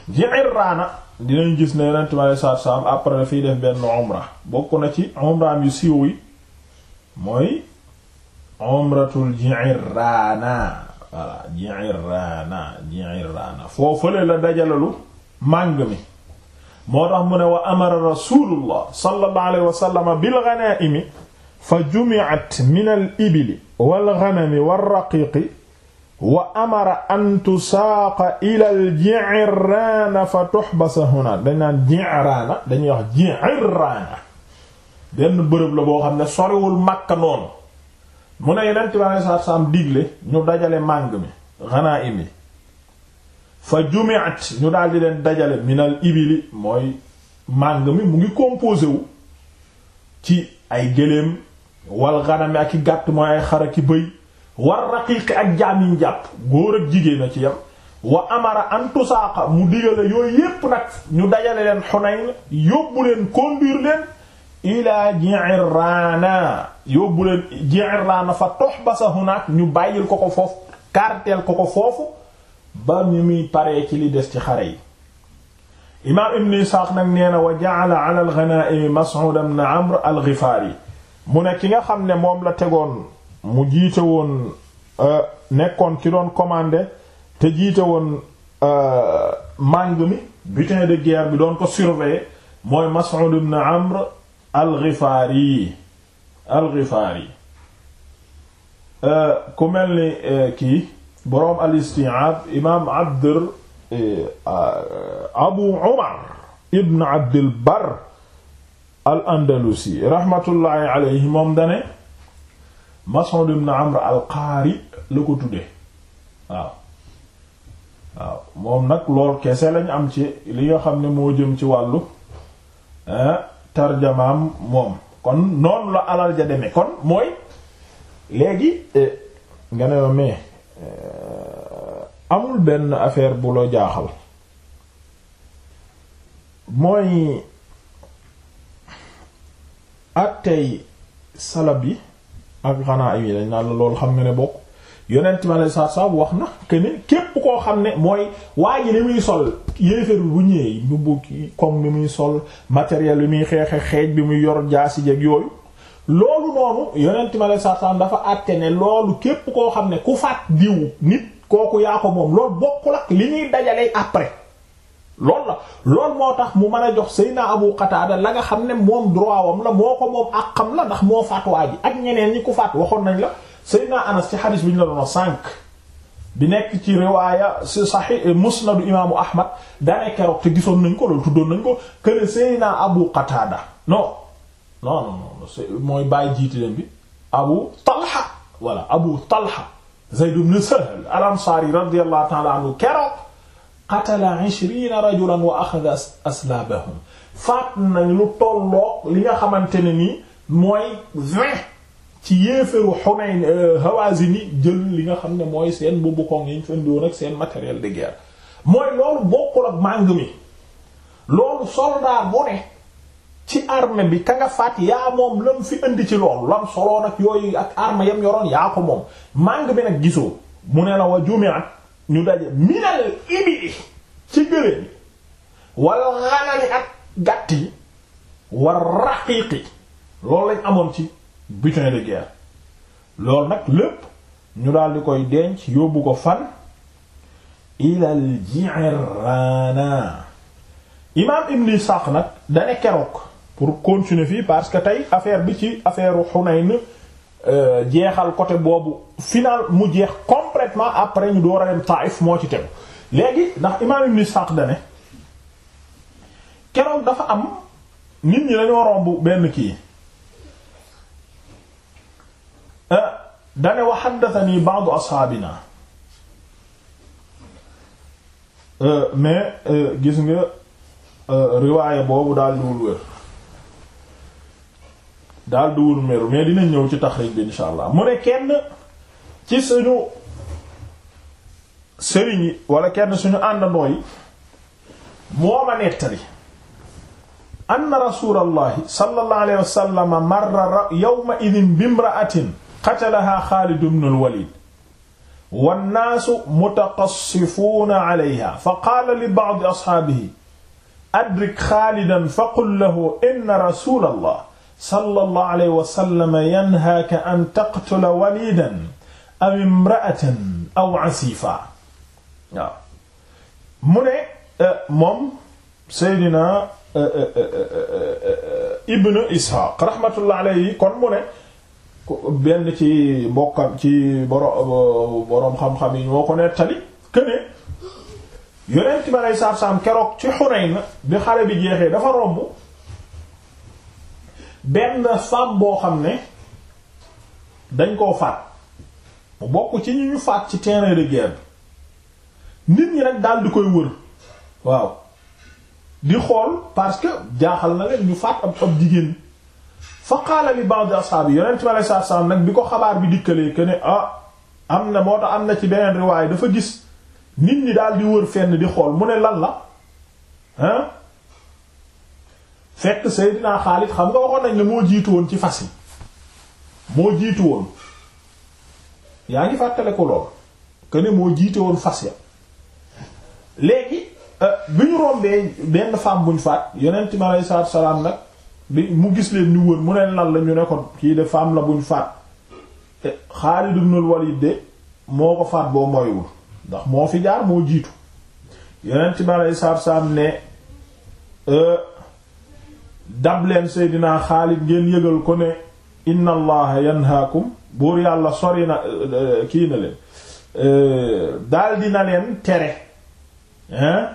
Ji'irraana dinañ gis ne yonent mi alayhi salaatu salaam après dafiy def bokk na ci umraam yu siiw yi mooy umratul Ji'irraana voilà Ji'irraana Ji'irraana foofale la dajalalu màng moo tax wa amara rasulullah sallallahu bil ghanaa'imi fa jumi'at min al ibli wal ghanami war wa amara an tusaaqa ila al ji'raana fa tuhbasa huna dañ naan ji'raana dañuy wax ji'raana benn bërëb la boo xam ne soriwul Makka noonu mu ne yonent bi alayhi salaatu salaam digle ñu dajale màng mi ghanaa'im yi fa jumi'at ñu daal di leen dajale minal ibili mooy màng mi mu ngi composé wu ci ay gëléem wal ghanam ak i gàtt mooy ay xar ak i bëy war raqiiq ak jaamiñ jàpp góor ak jigéen a ci yam wa amara an tusaaqa mu digale yooyu yépp nag ñu dajale leen Hunayn yóbbu leen conduire leen ila Ji'irraana yóbbu fa tuhbasa hunaak ñu bàyyil ko ko foofu karteel ko ko foofu ba ñu muy paree ci li des ci xare yi imaam ibn Isaaq nag nee na wa ja'ala ala al-ghanaa'im Mas'ud ibn Amr al-Ghifaari mu ne ki nga xam ne moom la tegoon mu jiite woon euh, nekkoon ki doon commandé te jiite woon euh, màng mi butin de guerre bi doon ko surveiller mooy Mas'ud ibn Amr al-Ghifari al-Ghifari euh, ku mel ni kii boroom al-Isti'ab imaam Abdur Abu Umar ibn Abdul al-Andalusi rahmatullahi alayhi moom dane Mas'ud ibn Amr al-Qari la ko tuddee waaw waaw moom nag lool kese lañ am ci li nga xam ne moo jëm ci wàllu eh, tarjamaam moom kon noonu la alal ja deme kon mooy léegi eh, nga ne ma mais eh, amul benn affaire bu la jaaxal mooy attey salab yi ak xanaa yi dañ naan la loolu xam nga ne bokk yonent ma lay saa saa wax na que ne képp koo xam ne mooy waa ji li muy sol yéefar bu ñëwee bu bukki comme ni muy sol matériel bi muy xeexe xeej bi muy yor jaasi jeeg yooyu loolu noonu yonent ma lay saa dafa àtte ne loolu képp koo xam ne ku faat diw nit kooku yaa ko moom loolu bokk ak li ñuy dajalee après. loolu la loolu moo tax mu mën a jox Seydina Abu Qatada la nga xam ne moom droit wam la moo ko moom ak xam la ndax moo faat waa ak ñeneen ñi ku faat waxoon nañ la Seydina Anas ci xadis bi ñu la doon sànq bi nekk ci riwaaya si Sahih Musnad imaamu Ahmad daanaka keroog te gisoon nañ ko loolu tuddoon nañ ko que ne Seydina Abu Qatada non non non mooy bàyyi jiite leen bi Abu Talha voilà Abu Talha Zayd ibn Sahl al-Ansari radiyallahu keroog. qatala ishrina rajulan wa axada aslaabahum faat nañ lu tolloog li nga xamante ne nii mooy vingt ci yéeféru Hunayn euh, Hawazini jël li nga xam ne mooy seen bubbu koŋ yi ñu fendoon seen matériel de guerre mooy loolu bokkul ak màng mi loolu soldat bu ne bi ka nga faat yaa fi indi ci loolu lam soloon yooyu ak armée yam yoroon yaa ko moom màng nag gisoo mu ne la wa jumi'at ñu daje minal ibili ci gëléem wal ghanami ak gàtt yi war raqiiqi loolu lañ amoon ci butin de guerre loolu nag lépp ñu daldi koy denc yóbbu ko fan ilal ji'rana imaam ibn Isaaq nag dane keroog pour continuer fii parce que tey affaire bi ci affaire u Hunayn Euh, jeexal côté boobu final mu jeex complètement après ñu door a dem moo ci tegu léegi ndax imaam Ibn Ishaq dane keroog dafa am nit ñi dañoo romb benn kii euh, dane wa haddathani ba'du ashaabina euh, mais gis nga riwaaya boobu daal di wul daal duwul meru mais dinañ ñëw ci taxrij bi insha allah mu ne kenn ci suñu sëriñ yi wala kenn suñu àndandoo yi moo ma nettali anna rasulallahi sallallahu alayhi wa sallam marra yawma idin bimra'atin qatalaha Xaalid ibn al-Walid wannaasu mutaqassifuuna alayha fa qaala li ba'di ashaabihi adrik Xaalidan faqul lahu inna rasulallah sallallahu alayhi wa sallam yanhaaka an taqtula walidan aw imra'atan aw asifa waaw mu ne eh, moom Seydina eh, eh, Ibn Isxaaq rahmatullah alayhi kon mu ne benn ci mbokkam ci boro boroom xam-xam yi ñoo ko nettali këne yonent bi aleyhi salaatu wa salaam keroog ci Xunayn bi xare bi jeexee dafa romb benn femme boo xam ne dañ koo faat mu bokk ci ñu ñu faat ci terrain de guerre nit ñi rek daal di koy wër waaw di xool parce que jaaxal na leen ñu faat ab ab jigéen fa qaala li ba'd ashab yi yonent bi alayhi salaatu salaam nag bi ko xabaar bi dikkalee que ne ah am na moo tax am na ci beneen riwaay dafa gis nit ñi daal di wër fenn di xool mu ne lan la fekk Seydina xaalit xam nga waxoon nañ ne moo jiitu woon ci fas yi moo jiitu woon yaa ngi fàttaliku lool que ne moo jiite woon fas ya léegi euh, bi ñu rombee benn femme buñ faat yonent mi aleyhi salaatu salaam nag bi mu gis leen ñu wër mu neen lan la ñu ne kii de faam la buñ faat eh, Xaalid ibnul Walid de moo ko faat boo moywul ndax moo fi jaar moo jiitu yonent mi salaam ne. Euh, dableen seydinaa Xaalid ngeen yëgal ko ne inna allaha yanhaakum buur yàlla sori na eh, kii na leen eh, daal dina leen tere hein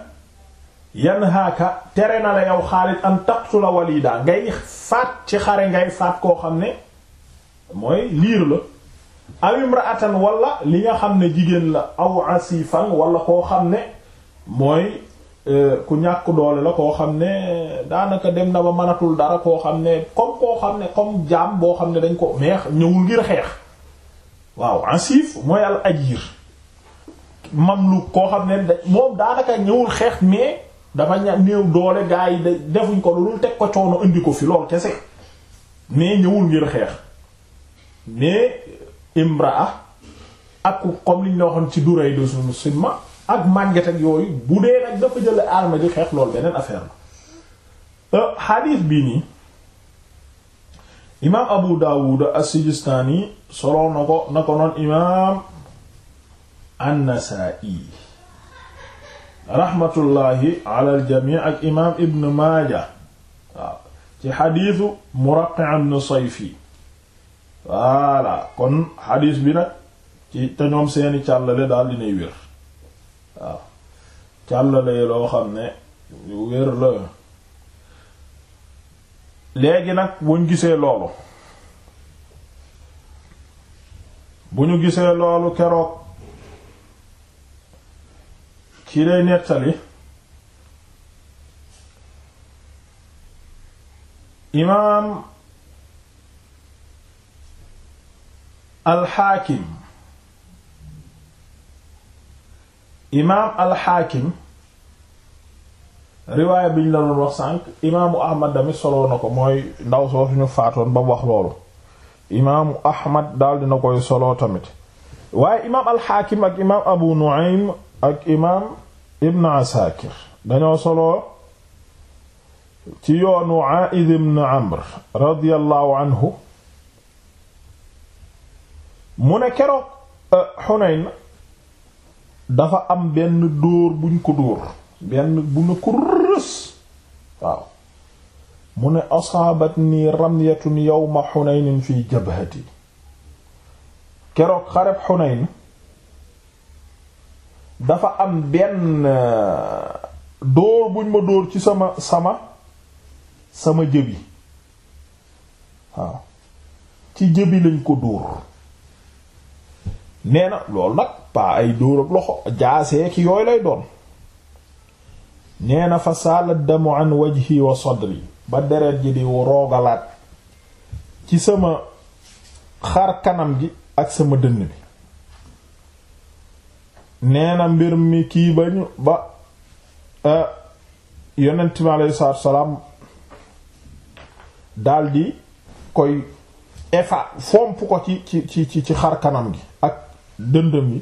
yanhaaka tere na la yow Xaalid an taqtula walida ngay faat ci xare ngay faat koo xam ne mooy liir la aw imra'atan wala li nga xam ne jigéen la aw asifan wala koo xam ne mooy Euh, ku ñàkk doole la koo xam ne daanaka dem na ba mënatul dara koo xam ne comme koo xam ne comme jaam boo xam ne dañ ko meex ñëwul ngir xeex waaw ansif mooy al ajir mamluk koo xam ne da moom daanaka ñëwul xeex mais dafa ña néew doole gaa yi defuñ ko lu teg ko coono indi ko fi lool kese mais ñëwul ngir xeex mais imraa ak comme liñ la waxoon ci duray de sunu simma ak màgget ak yooyu bu dee nag dafa jël arme di xeex loolu beneen affaire la xadiis euh, bii nii imaam Abu Dawud as-Sijistani solo na ko noon imaam an-Nasa'i rahmatullahi ala al ak imaam Ibn Maaja ci xadiisu Muraqi' ibn Sayfi voilà kon xadiis bi nag ci te ñoom seeni càllale daal dinay wér waaw càlla la loo xam ne yu wér la léegi nag buñ gisee loolu bu ñu gisee loolu keroog ci lay nettali imaam alxaakim imaam alxaakim riwaaya bi ñu la doon wax sànq damit soloo na ko mooy ndaw soo suñu faatoon ba wax loolu imaamu ahmad daal dina koy soloo tamit waaye imaam alxaakim ak imaam abu nu'aym ak imaam ibn asakir dañoo soloo ci yoonu aid ibn amr radiyallahu anhu mu ne keroog xunayn euh, dafa am benn dóor buñ ko dóor benn bu ne ko rës waaw mu ne asaabat nii ramyatun yawma xunaynin fi jabhati keroog xareb xunayn dafa am benn euh, dóor buñ ma dóor ci sama sama sama jëbi waaw ci jëbi lañ ko dóor nee na loolu nag pas ay dóorab loxo jaasee ki yooyu lay doon nee na fa saalat damu an wajhi wa sadri ba deret ji di roogalaat ci sama xar kanam gi ak sama dënn bi nee na mbir mi kii bañu ba e, yonent mi aleyhi salaatu salaam daldi koy efa fomp ko ci ci ci ci xar kanam gi ak dëndëm yi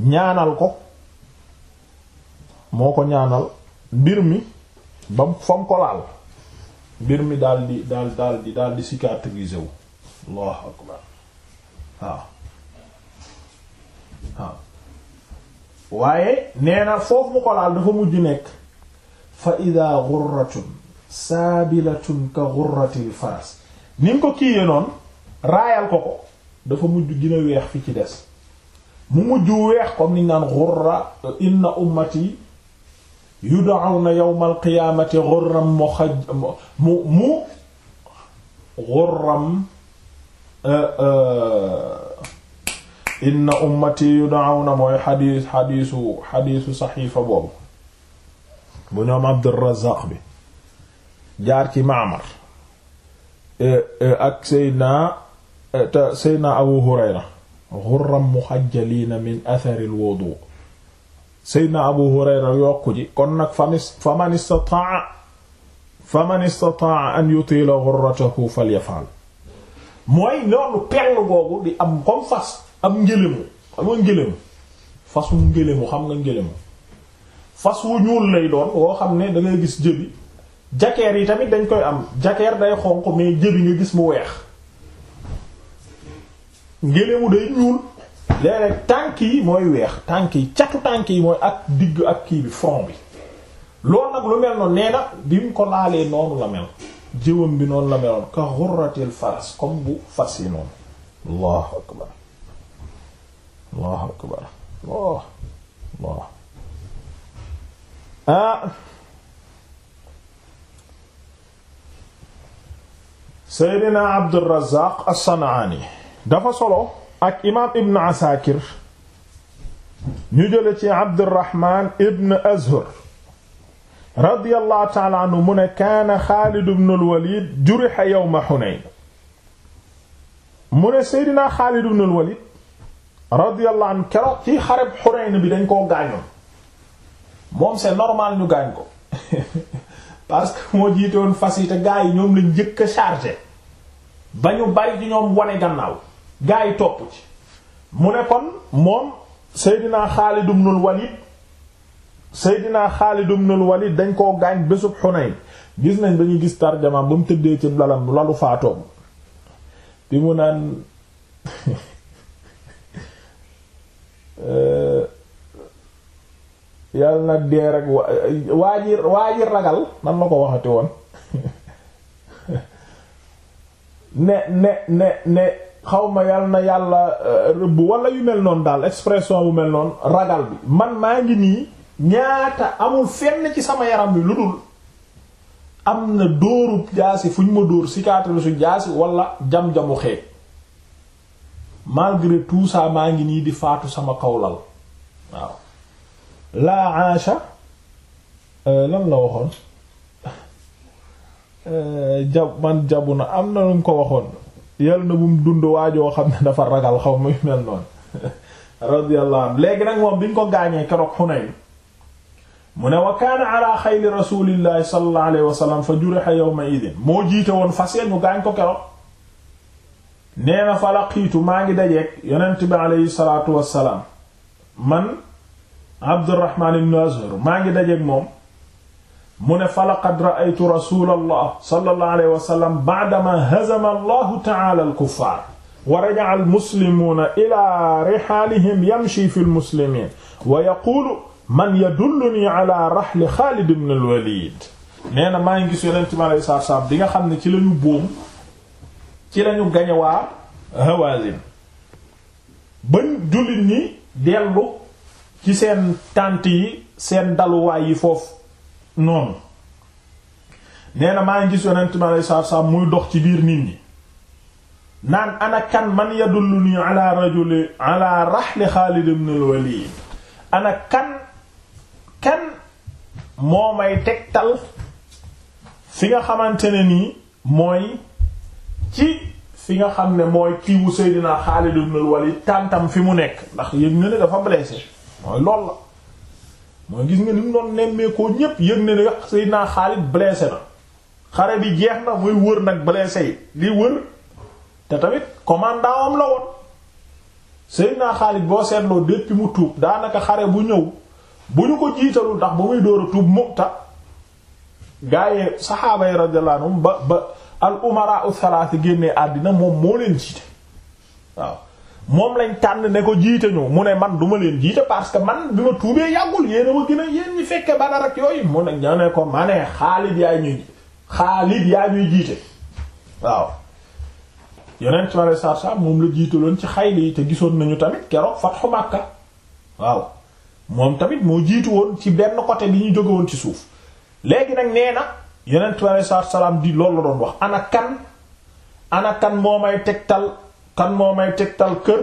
ñaanal ko moo ko ñaanal mbir mi ba fam ko laal mbir mi daal di daal daal di daal di cicatrisé waaw waaw waaye nee na foofu mu ko laal dafa mujj nekk fa ida ghurratun saabilatun ka ghurratil faras ni ko kiiyee noonu raayal ko ko dafa mujj gën weex fi ci des mu mujj weex comme niñ naan xurra inna ummati yud'awna yawmal qiyaamati xurram mu xaj mu mu xurram eh, eh, inna ummati yud'awna mooy xadiis xadiisu xadiisu saxiifa boobu bu ñoom Abdurrazaaq bi jaar ci Ma'mar eh, ak Seydina te Seydina Abu Hurayra xurram muxajjaliina min atharil wudu seydna abu hurayra yokku ji kon nag fa man istataa fa man istataa an yutila xurratahu falyafal mooy loolu pell googu di am comme fas am ngélému xam nga ngélému fas wu xam nga ngélému fas ñuul lay doon woo xam ne dangay gis jëbi jakeer yi tamit dañ koy am jakeer day xonq mais jëbi nga gis mu weex ngélému day ñuul léeg tànk yi mooy weex tànk yi catu tànk yi mooy ak digg ak kii bi front bi loolu nag lu mel noonu nee na bi mu ko laalee noonu la mel jëwam bi noonu la meloon ka xurratil faras comme bu fas yi noonu allahu akbar allahu akbar allah oh, allah ah seydina abdul razaak as dafa solo ak imaam ibn Asakir ñu jële ci Abdurrahman ibn Azhar radiyallahu ta'ala anhu mu kaana Xaalid ibn al-Walid juriha yawma Hunayn mu Xaalid ibn al-Walid radiyallahu xareb Hunayn bi dañ koo gaañoon moom c'est normal ñu gaañ ko [LAUGHS] parce que moo jiitoon fas yi te gaa yi ñu bari di gannaaw gaa yi topp ci mu ne kon moom Seydina Xaalid ibnul Walid Seydina Xaalid ibnul Walid dañ koo gaañ bésub Xunayn gis nañ dañuy gis tarjama ba mu tëddee ci lalam lalu faatoom bi mu naan [LAUGHS] yàlla na dee rek waa ji ragal nan la ko waxati woon [LAUGHS] ne ne ne ne xawma ma na yàlla euh, rëbb wala yu mel noonu daal expression bu mel noonu ragal bi man maa ngi nii ñaata amul fenn ci sama yaram bi lu dul am na dóorub jaasi fu ñu ma dóor cicatrice jaasi wala jam-jamu xeej malgré tout ça maa ngi nii di faatu sama kawlal waaw laa aasha euh, lan la waxoon euh, jab man jabu na am na lu mu ko waxoon yal na bu mu dund waajoo xam ne dafa ragal xaw muy mel noonu [LAUGHS] radiyallahu anhu léegi nag moom biñ ko gaañee keroog Hunayn mu ne wa kaana ala xayli rasulillahi sallallahu alayhi wa fa juriha yawma idin moo jiite woon fas ya ñu gaañ ko keroog nee fa laqiitu maa ngi dajeeg yonent bi aleyhi salaatu wassalaam man Abdurrahman ibn Azhar maa ngi dajeeg moom mu ne fa laqad ra'aytu rasulallah sallallahu alayhi wa sallam ba'dama ta'ala al-kuffaar wa raja'a al-muslimuuna ilaa rihaalihim yamshi fi al-muslimiin man yadullunii alaa rahli Xaalid ibn al-Waliid maa ngi gis Yonent mi alayhi salaatu xam ne ci lañu boom ci lañu gañe waa Hawaazin ba jullit ñi dellu ci seen tànt yi seen daluwaay yi foofu noonu nee na maa ngi gis yonent mi alayhi salaatu salaam muy dox ci biir nit ñi naan ana kan man yadulluni ala rajuli ala rahli Xaalid ibn al-Walid ana kan kan moo may tegtal fi nga xamante ne nii mooy ci fi nga xam ne mooy kiiwu Seydina Xaalid ibn al-Walid tàntam fi mu nekk ndax yëg nga ne dafa blessé mooy lool la mooy gis nga ni mu doon nemmeekoo ñépp yëg ne ne Seydina Xaalid blessé na xare bi jeex na muy wër nag blessé yi di wër te tamit commandant am la woon Seydina Xaalid boo seetloo depuis mu tuub daanaka xare bu ñëw bu ñu ko jiitalu ndax ba muy dóor a tuub Mu'ta gaa yi saxaaba yi radiyallahu ba ba al umara u salaasi génnee àddina moom moo leen jiite waaw moom lañ tànn ne ko jiite ñu mu ne man du ma leen jiite parce que man bi ma tuubee yàggul yéen a ma gën a yéen ñi fekke Badar ak yooyu mu ne ña ne ko ma ne Xaalid yaay ñuy Xaalid yaa ñuy jiite waaw yonent ma lay moom la jiitaloon ci xayli yi te gisoon nañu tamit keroog Fathu Makka waaw moom tamit moo jiitu woon ci benn côté bi ñu jógewoon ci suuf léegi nag nee na yonent bi alei di loolu la doon wax ana kan ana kan moo may tegtal kan moo may tegtal kër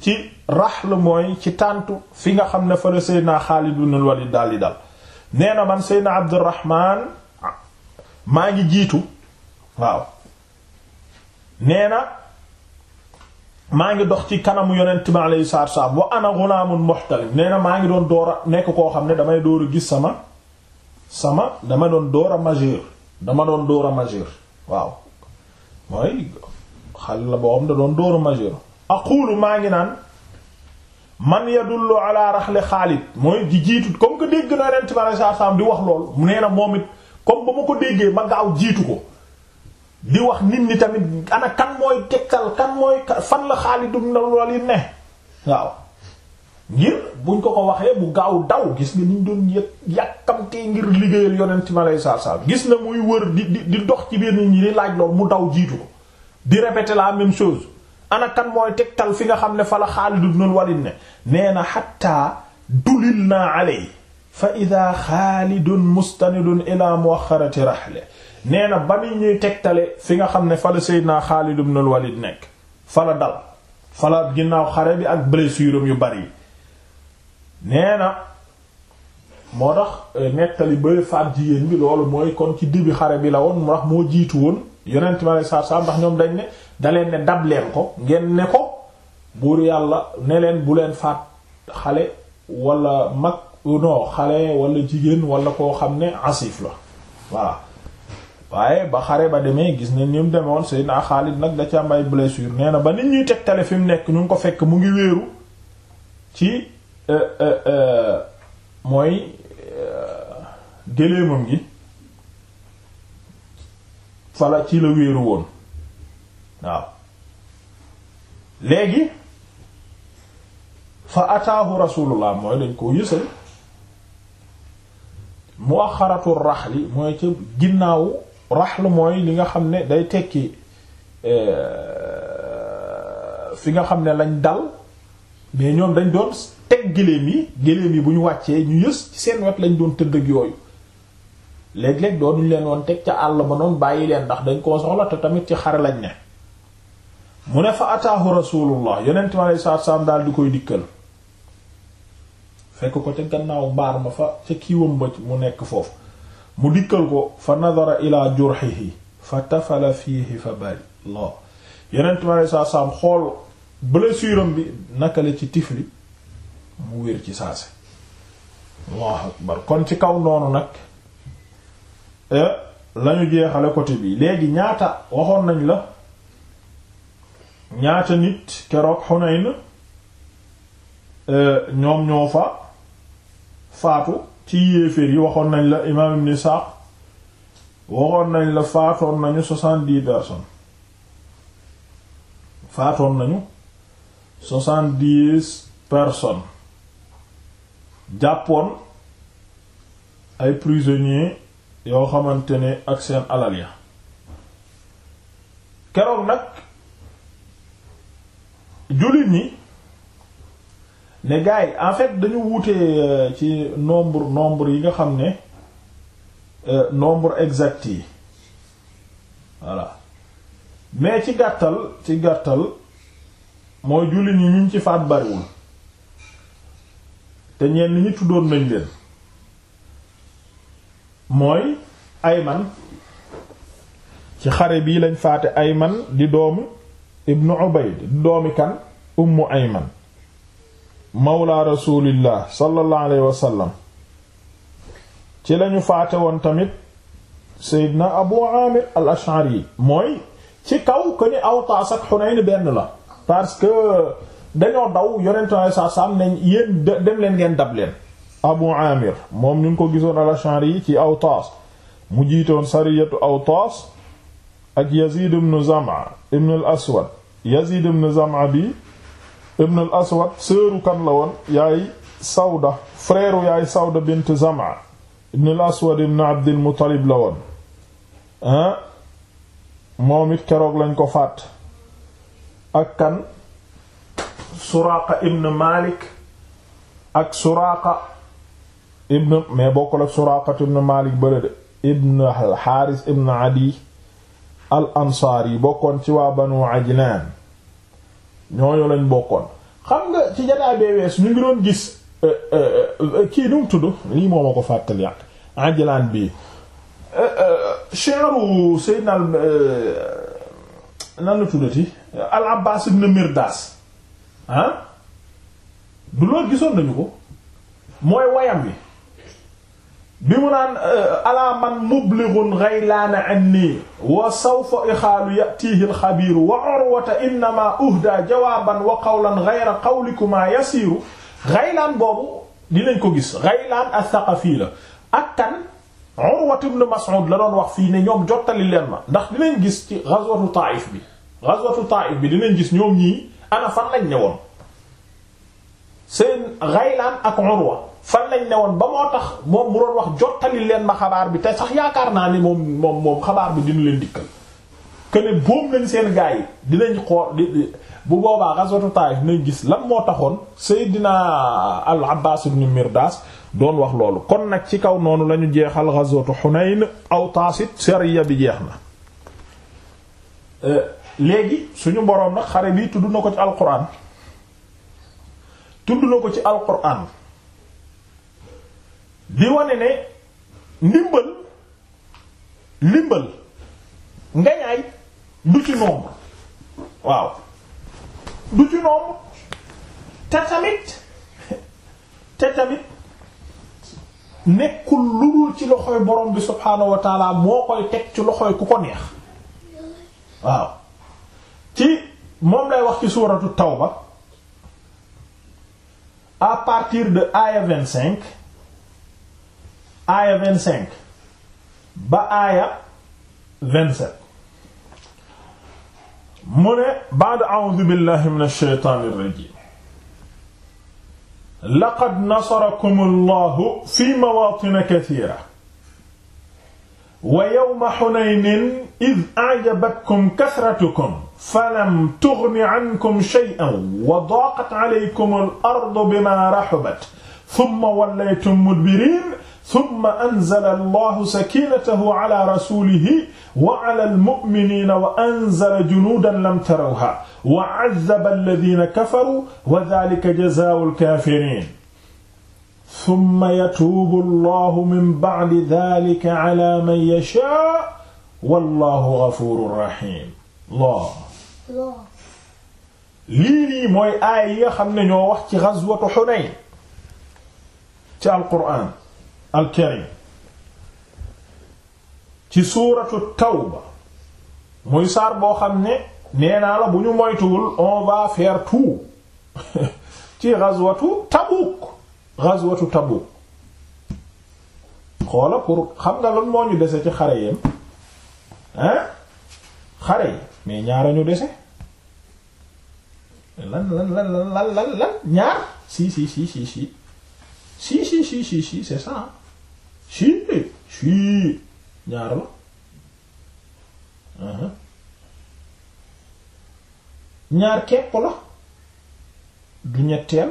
ci raxl mooy ci tàntu fi nga xam ne fële Seydina Xaalid ibn Walid daal di dal nee na man Seydina Abdurrahman maa ngi jiitu waaw nee na maa ngi dox ci kanamu yonent bi alayhi salaatu wa salaam wa ana ghulaamun muhtalim na maa ngi doon doora a koo xam ne damay door a gis sama sama dama doon door a majeur dama doon door a majeur waaw mooy. xale la boo xam da doon dóoru majeur aqulu maa ngi naan man yadullu ala raxle Xaalid mooy di jiitu comme que dégg na Yonent bi sallallahu alayhi wa sallam di wax lool mu na moom it comme ba ma ko déggee ma gaaw jiitu ko di wax nit ñi tamit ana mooy tegtal kan fan la Xaalid ibn Walid ko ko waxee bu gaaw daw gis nga niñ doon yë yàkkamtee ngir liggéeyal Yonent bi gis na muy wër di di dox ci biir nit ñi di laaj lool mu daw jiitu ko di répéter la même chose ana mooy tegtal fi nga xam ne fa la Xaalid ibn Walid ne nee na xatta dulil naa aley fa ida xaalidun mustanidun ila muwaxarati raxle nee na ba nit ñuy tegtale fi nga xam ne fa la Seydina Xaalid ibn Walid nekk fa la dal fa la ginnaaw xare bi ak blessure yu bari nee na moo tax eh, nettali ba faat jigéen bi loolu mooy kon ci dibi xare bi la woon ndax moo jiitu woon yonent ma lay saar saar ndax ñoom dañ ne daleen ne dab leen ko ngeen ne ko buur yàlla ne leen bu leen faat xale walla mag non xale wala jigéen wala koo xam ne asif la voilà waaye ba xare ba demee gis ne ni mu demoon Seydina Xaalid nag da ca am ay blessure nee na ba nit ñuy tegtale fi mu nekk ñu ngi ko fekk mu ngi wéeru ci euh, euh, euh, mooy géléemam gi fala ci la wéeru woon waaw léegi fa ataahu rasulullah mooy dañ koo yësal mu axaratu raxli mooy ca ginnaawu raxl mooy li nga xam ne day tekki euh, fi nga xam ne lañ dal mais ñoom dañ doon teg géléem yi géléem yi bu ñu wàccee ñu yës ci seen wet lañ doon tëdd ak yooyu léegi léeg doo duñ leen woon teg ca àll ba noonu bàyyi leen ndax dañ koo soxla te tamit ci xare lañ ne mu ne fa ataahu rasulullah yonent mi alei daal di koy dikkal fekk ko ca gannaaw mbaar ma fa ca kiiwam ba mu nekk foofu mu dikkal ko fa nadara ila jurxihi fa tafala fiihi fa bari la yonent mi alei xool blessure bi naka la ci tifli mu wér ci saase allahu akbar kon ci kaw noonu nag Euh, lañu jeexale côté bi léegi ñaata waxoon nañ la ñaata nit keroog Hunayn euh, ñoom ñoo fa faatu ci yéeféer yi waxoon nañ la imaam Ibn Isaaq waxoon nañ la faatoon nañu soixante-dix personnes faatoon nañu soixante-dix personnes jàppoon ay prisonniers yoo xamante ne ak seen alal ya keroog nag jullit ñi ne gars yi en fait dañu wuute euh, ci nombre nombre yi nga xam ne euh, nombre exact yi voilà mais ci gàttal ci gàttal mooy jullit ñi ñu ci faat bariwul te ñenn ñi tuddoon nañ leen. mooy ayman ci xare bii lañ faate ayman di doomu ibnu ubayd di doomi kan ummu ayman mawla rasulillah sallallahu alayhi wasallam ci lañu faate woon tamit seydna abu amir al ash'ari mooy ci kaw ko ni Awtaas ak Xunayn benn la parce que dañoo daw yonentu Yàlla sallallahu alayhi wasallam ne yéen dem leen ngeen dab leen abu amir moom ñu ko gisoon al-Ash'ari yi ci Awtaas mu jiitoon sariyatu Awtaas ak Yazid ibn Zam'a ibn aswad Yazid ibn Zam'a bi ibn al-Aswad seeru kan la yaay Sawda frère yaay Sawda bint Zam'a ibn aswad ibn Abd al-Muttalib la woon moom it keroog lañ ko faat ak kan Suraaqa ibn Malik ak Suraaqa ibn mais bokkul ak Suraqatu ibn Malik bële de ibn haris ibn Adi al-Ansari bokkoon ci waa Banu Ajlan ñooñu lañ bokkoon xam nga ci jataay bee wees ñu ngi doon gis euh, euh, euh, kii nu mu tudd lii moo ma ko fàttali yàq Ajlan bii cheru Seydina nan tuddati al Abbas ibn Mirdas ah du loolu gisoon nañu ko mooy wayam wi bi mu naan euh, alaa man mublighun ghaylaana anni wa sawfa ixaalu yatiihi alxabiiru wa urwata innama uhda jawaaban wa qawlan ghayra qawlikuma yasiiru ghaylaan boobu dinañ ko gis ghaylaan athaqafi la ak kan urwat ibn mas'ud la doon wax fii ne ñoom jottali leen ma ndax dinañ gis ci ghazwatu taa'if bi ghazwatu taa'if bi dinañ gis ñoom ñii ana fan lañ ne woon seen Ghaylan ak Urwa fan lañ ne woon ba moo tax moom mu doon wax jottali leen ma xabaar bi te sax yaakaar naa ni moom moom moom xabaar bi dina leen dikkal que ne boobu nañ seen gaay yi dinañ xool bu boobaa ghazwatu Taif nañ gis lan moo taxoon Seydina al Abbas ibn Mirdas doon wax loolu kon nag ci kaw noonu lañu jeexal ghazwatu Hunayn aw Taasit sariya bi jeex na euh, léegi suñu boroom nag xare bi tudd na ko ci alquran tudd na ko ci alquran di wane ne ndimbal ndimbal ngañaay du ci nombre waaw du ci nombre te tamit te tamit nekkul lu dul ci loxoy borom bi subhaanahu wa moo koy teg ci loxoy ku ko neex waaw ci moom lay wax ci suuratu tawba à partir de aaya 25 aaya 25 ba aaya 27 mu ne ba'da a'uudu billahi minash shaytaanir rajiim laqad nasarakumullahu fi mawaatina kathiira wa yawma hunaynin idh a'jabatkum kathratukum falam tughni ankum shay'an wa daqat alaykum al-ardu bima rahabat thumma wallaytum mudbirin thumma anzala Allahu sakinatahu ala rasulihi wa ala al-mu'minina wa anzala junudan lam tarawha wa 'azzaba alladhina kafaru wa dhalika jazaa'u al-kafirin thumma yatuubu Allahu min ba'di dhalika ala man yashaa' wallahu ghafurur rahim loo lii mooy aaya yi nga xam ne ñoo wax ci ghazwatu Hunayn ci alquran alkarim ci suuratu tawba muy saar boo xam ne nee la bu ñu moytuwul on va faire tout [LAUGHS] ci ghazwatu Tabuk ghazwatu Tabuk xoola pour xam nga lan moo ñu dese ci xare yem hein xare yi mais ñaara ñu dese lan lan lan lan lan ñaar si si si si si si si si si si c'est ça si si ñaar la uh-huh. ñaar kepp la du ñetteel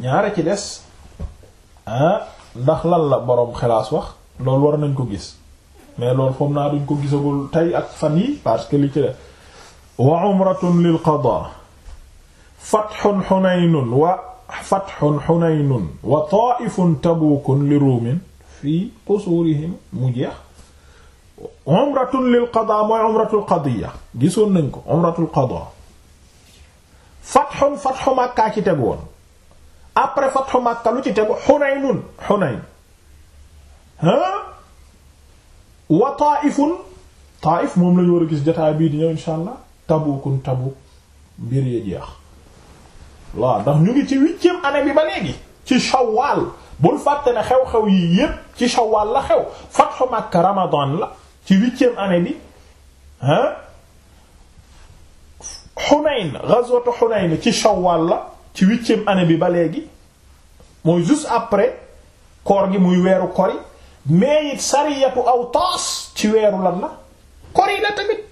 ñaara ci des ah ndax lan la boroom xelaas wax loolu war nañ ko gis mais loolu foog naa duñ ko gisagul tey ak fan yi parce que li ci def wa umratun lil qada fathun hunaynun wa fathun hunaynun wa ta'ifun tabukun li ruumin fii qusurihim mu jeex umratun lil qada mooy umratul qadiya gisoon nañ ko umratul qada fathun fathu Makka ci tegu woon après fathu Makka lu ci tegu hunaynun hunayn ha wa taaifun taaif moom lañu war a gis jotaay bii di ñëw insha allah tabukun tabuk mbir ya jeex waaw ndax ñu ngi ci huitième année bi ba léegi ci shawwal bul fàtte ne xew-xew yii ci shawwal la xew fathu Makka ramadan la ci huitième année bi ah Hunayn ghazwatu Hunayn ci shawwal la ci huitième année bi ba léegi mooy juste après koor gi muy weeru kori mais it sariyatu aw taas ci weeru lan la kor la tamit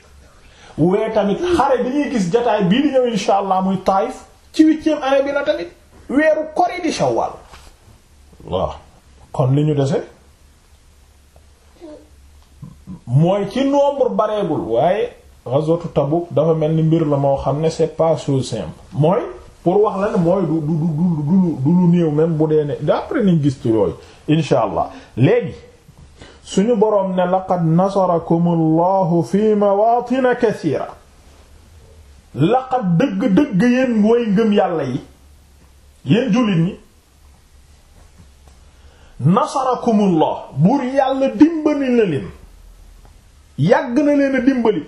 wee tamit xare bi ñuy gis jataay bii di ñëw insha allah muy taayif ci huitième année bi la tamit weeru kor yi di shawwal waaw kon li ñu dese mooy ci nombre bareegul waaye ghazwatu Tabuk dafa mel ni mbir la moo xam ne c'est pas chose simple mooy pour wax la ne mooy du du du du du lu néew même bu dee ne d'après nañ gis ci incha allah léegi suñu boroom ne laqad nasarakum allahu fi mawaatina kasiira laqad dëgg-dëgg yéen way ngëm yàlla yi yéen jullit ñi nasarakumullah buur yàlla dimbali na leen yàgg na leen dimbali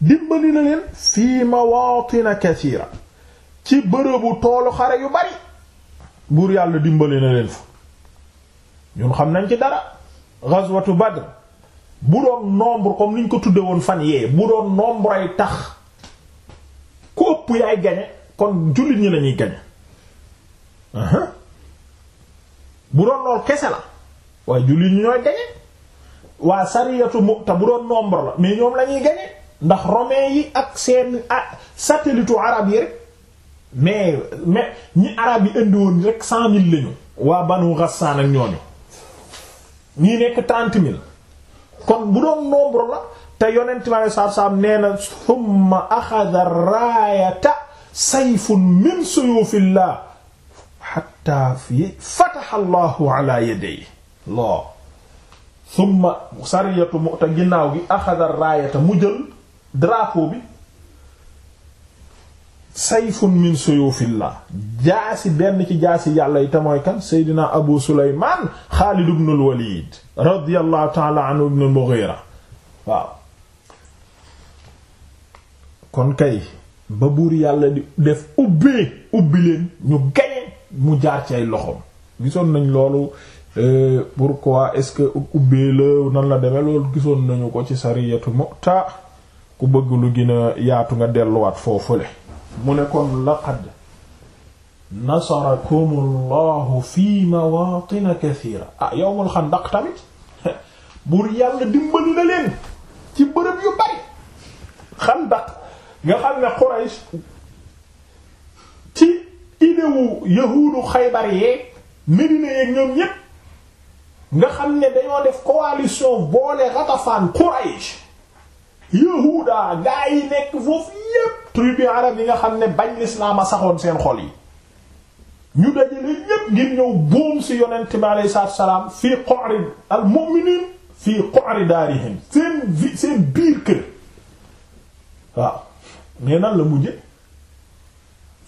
dimbali na leen fii mawaatina kasiira ci bërëbu toolu xare yu bari buur yàlla dimbali na leen fa ñun xam nañ ci dara ghazwatu Badr bu doon nombre comme niñ ko tuddee woon fan yee bu doon nombre ay tax ku ëpp yaay gañe kon jullit ñi lañuy gañe bu doon lool kese la waaye jullit ñi ñooy gañe waa sariyatu Mu'ta bu doon nombre la mais ñoom lañuy gañe ndax romain yi ak seen satellitu arab yi rek mais mais ñi arab yi indi woon rek cent mille lañu waa Banu Ghassan ak ñooñu ñii nekk trente mille kon bu doon nombre la te yonent ma saab saab nee na summa axada raayata sayfun min suyufillah hatta fi fataha allahu ala yadayhi loo summa sariyatu mu'ta ginnaaw gi axada raayata mu jël drapeau bi sayfun min suyufillah jaasi benn ci jaasi yàlla yi te kan seydina abu suleymaan xaalid ibn al walid radiyallahu ta'ala anhu ibn waaw kon kay ba buur yàlla di def ubbee ubbi leen ñu gañe mu jaar ci ay gisoon nañ loolu euh, pourquoi est-ce que ubbee la nan la demee loolu gisoon nañu ko ci sariyatu mu'ta ku bëgg lu gën yaatu nga delluwaat foofule mu ne kon laqad nasarakumu allahu fi mawaatina kathira yow ah, yowmul xandaq tamit [LAUGHS] buur yàlla dimbali na leen ci bërëb yu bari xandaq nga xam ne Quraysh ci idewu yahuudu xaybar yeeg Medina yeeg ñoom ñépp nga xam ne dañoo def coalition boole Ghatafan Quraysh yahuda gaa yi nekk foofu yépp tribu arab yi nga xam ne bañ lislaam a saxoon seen xol yi ñu dajale ñépp ngir ñëw boom ci yonent bi alayhi salaatu salaam fii qori al mu'miniin fii qori daarihim seen seen biir kër waaw mais nan la mujje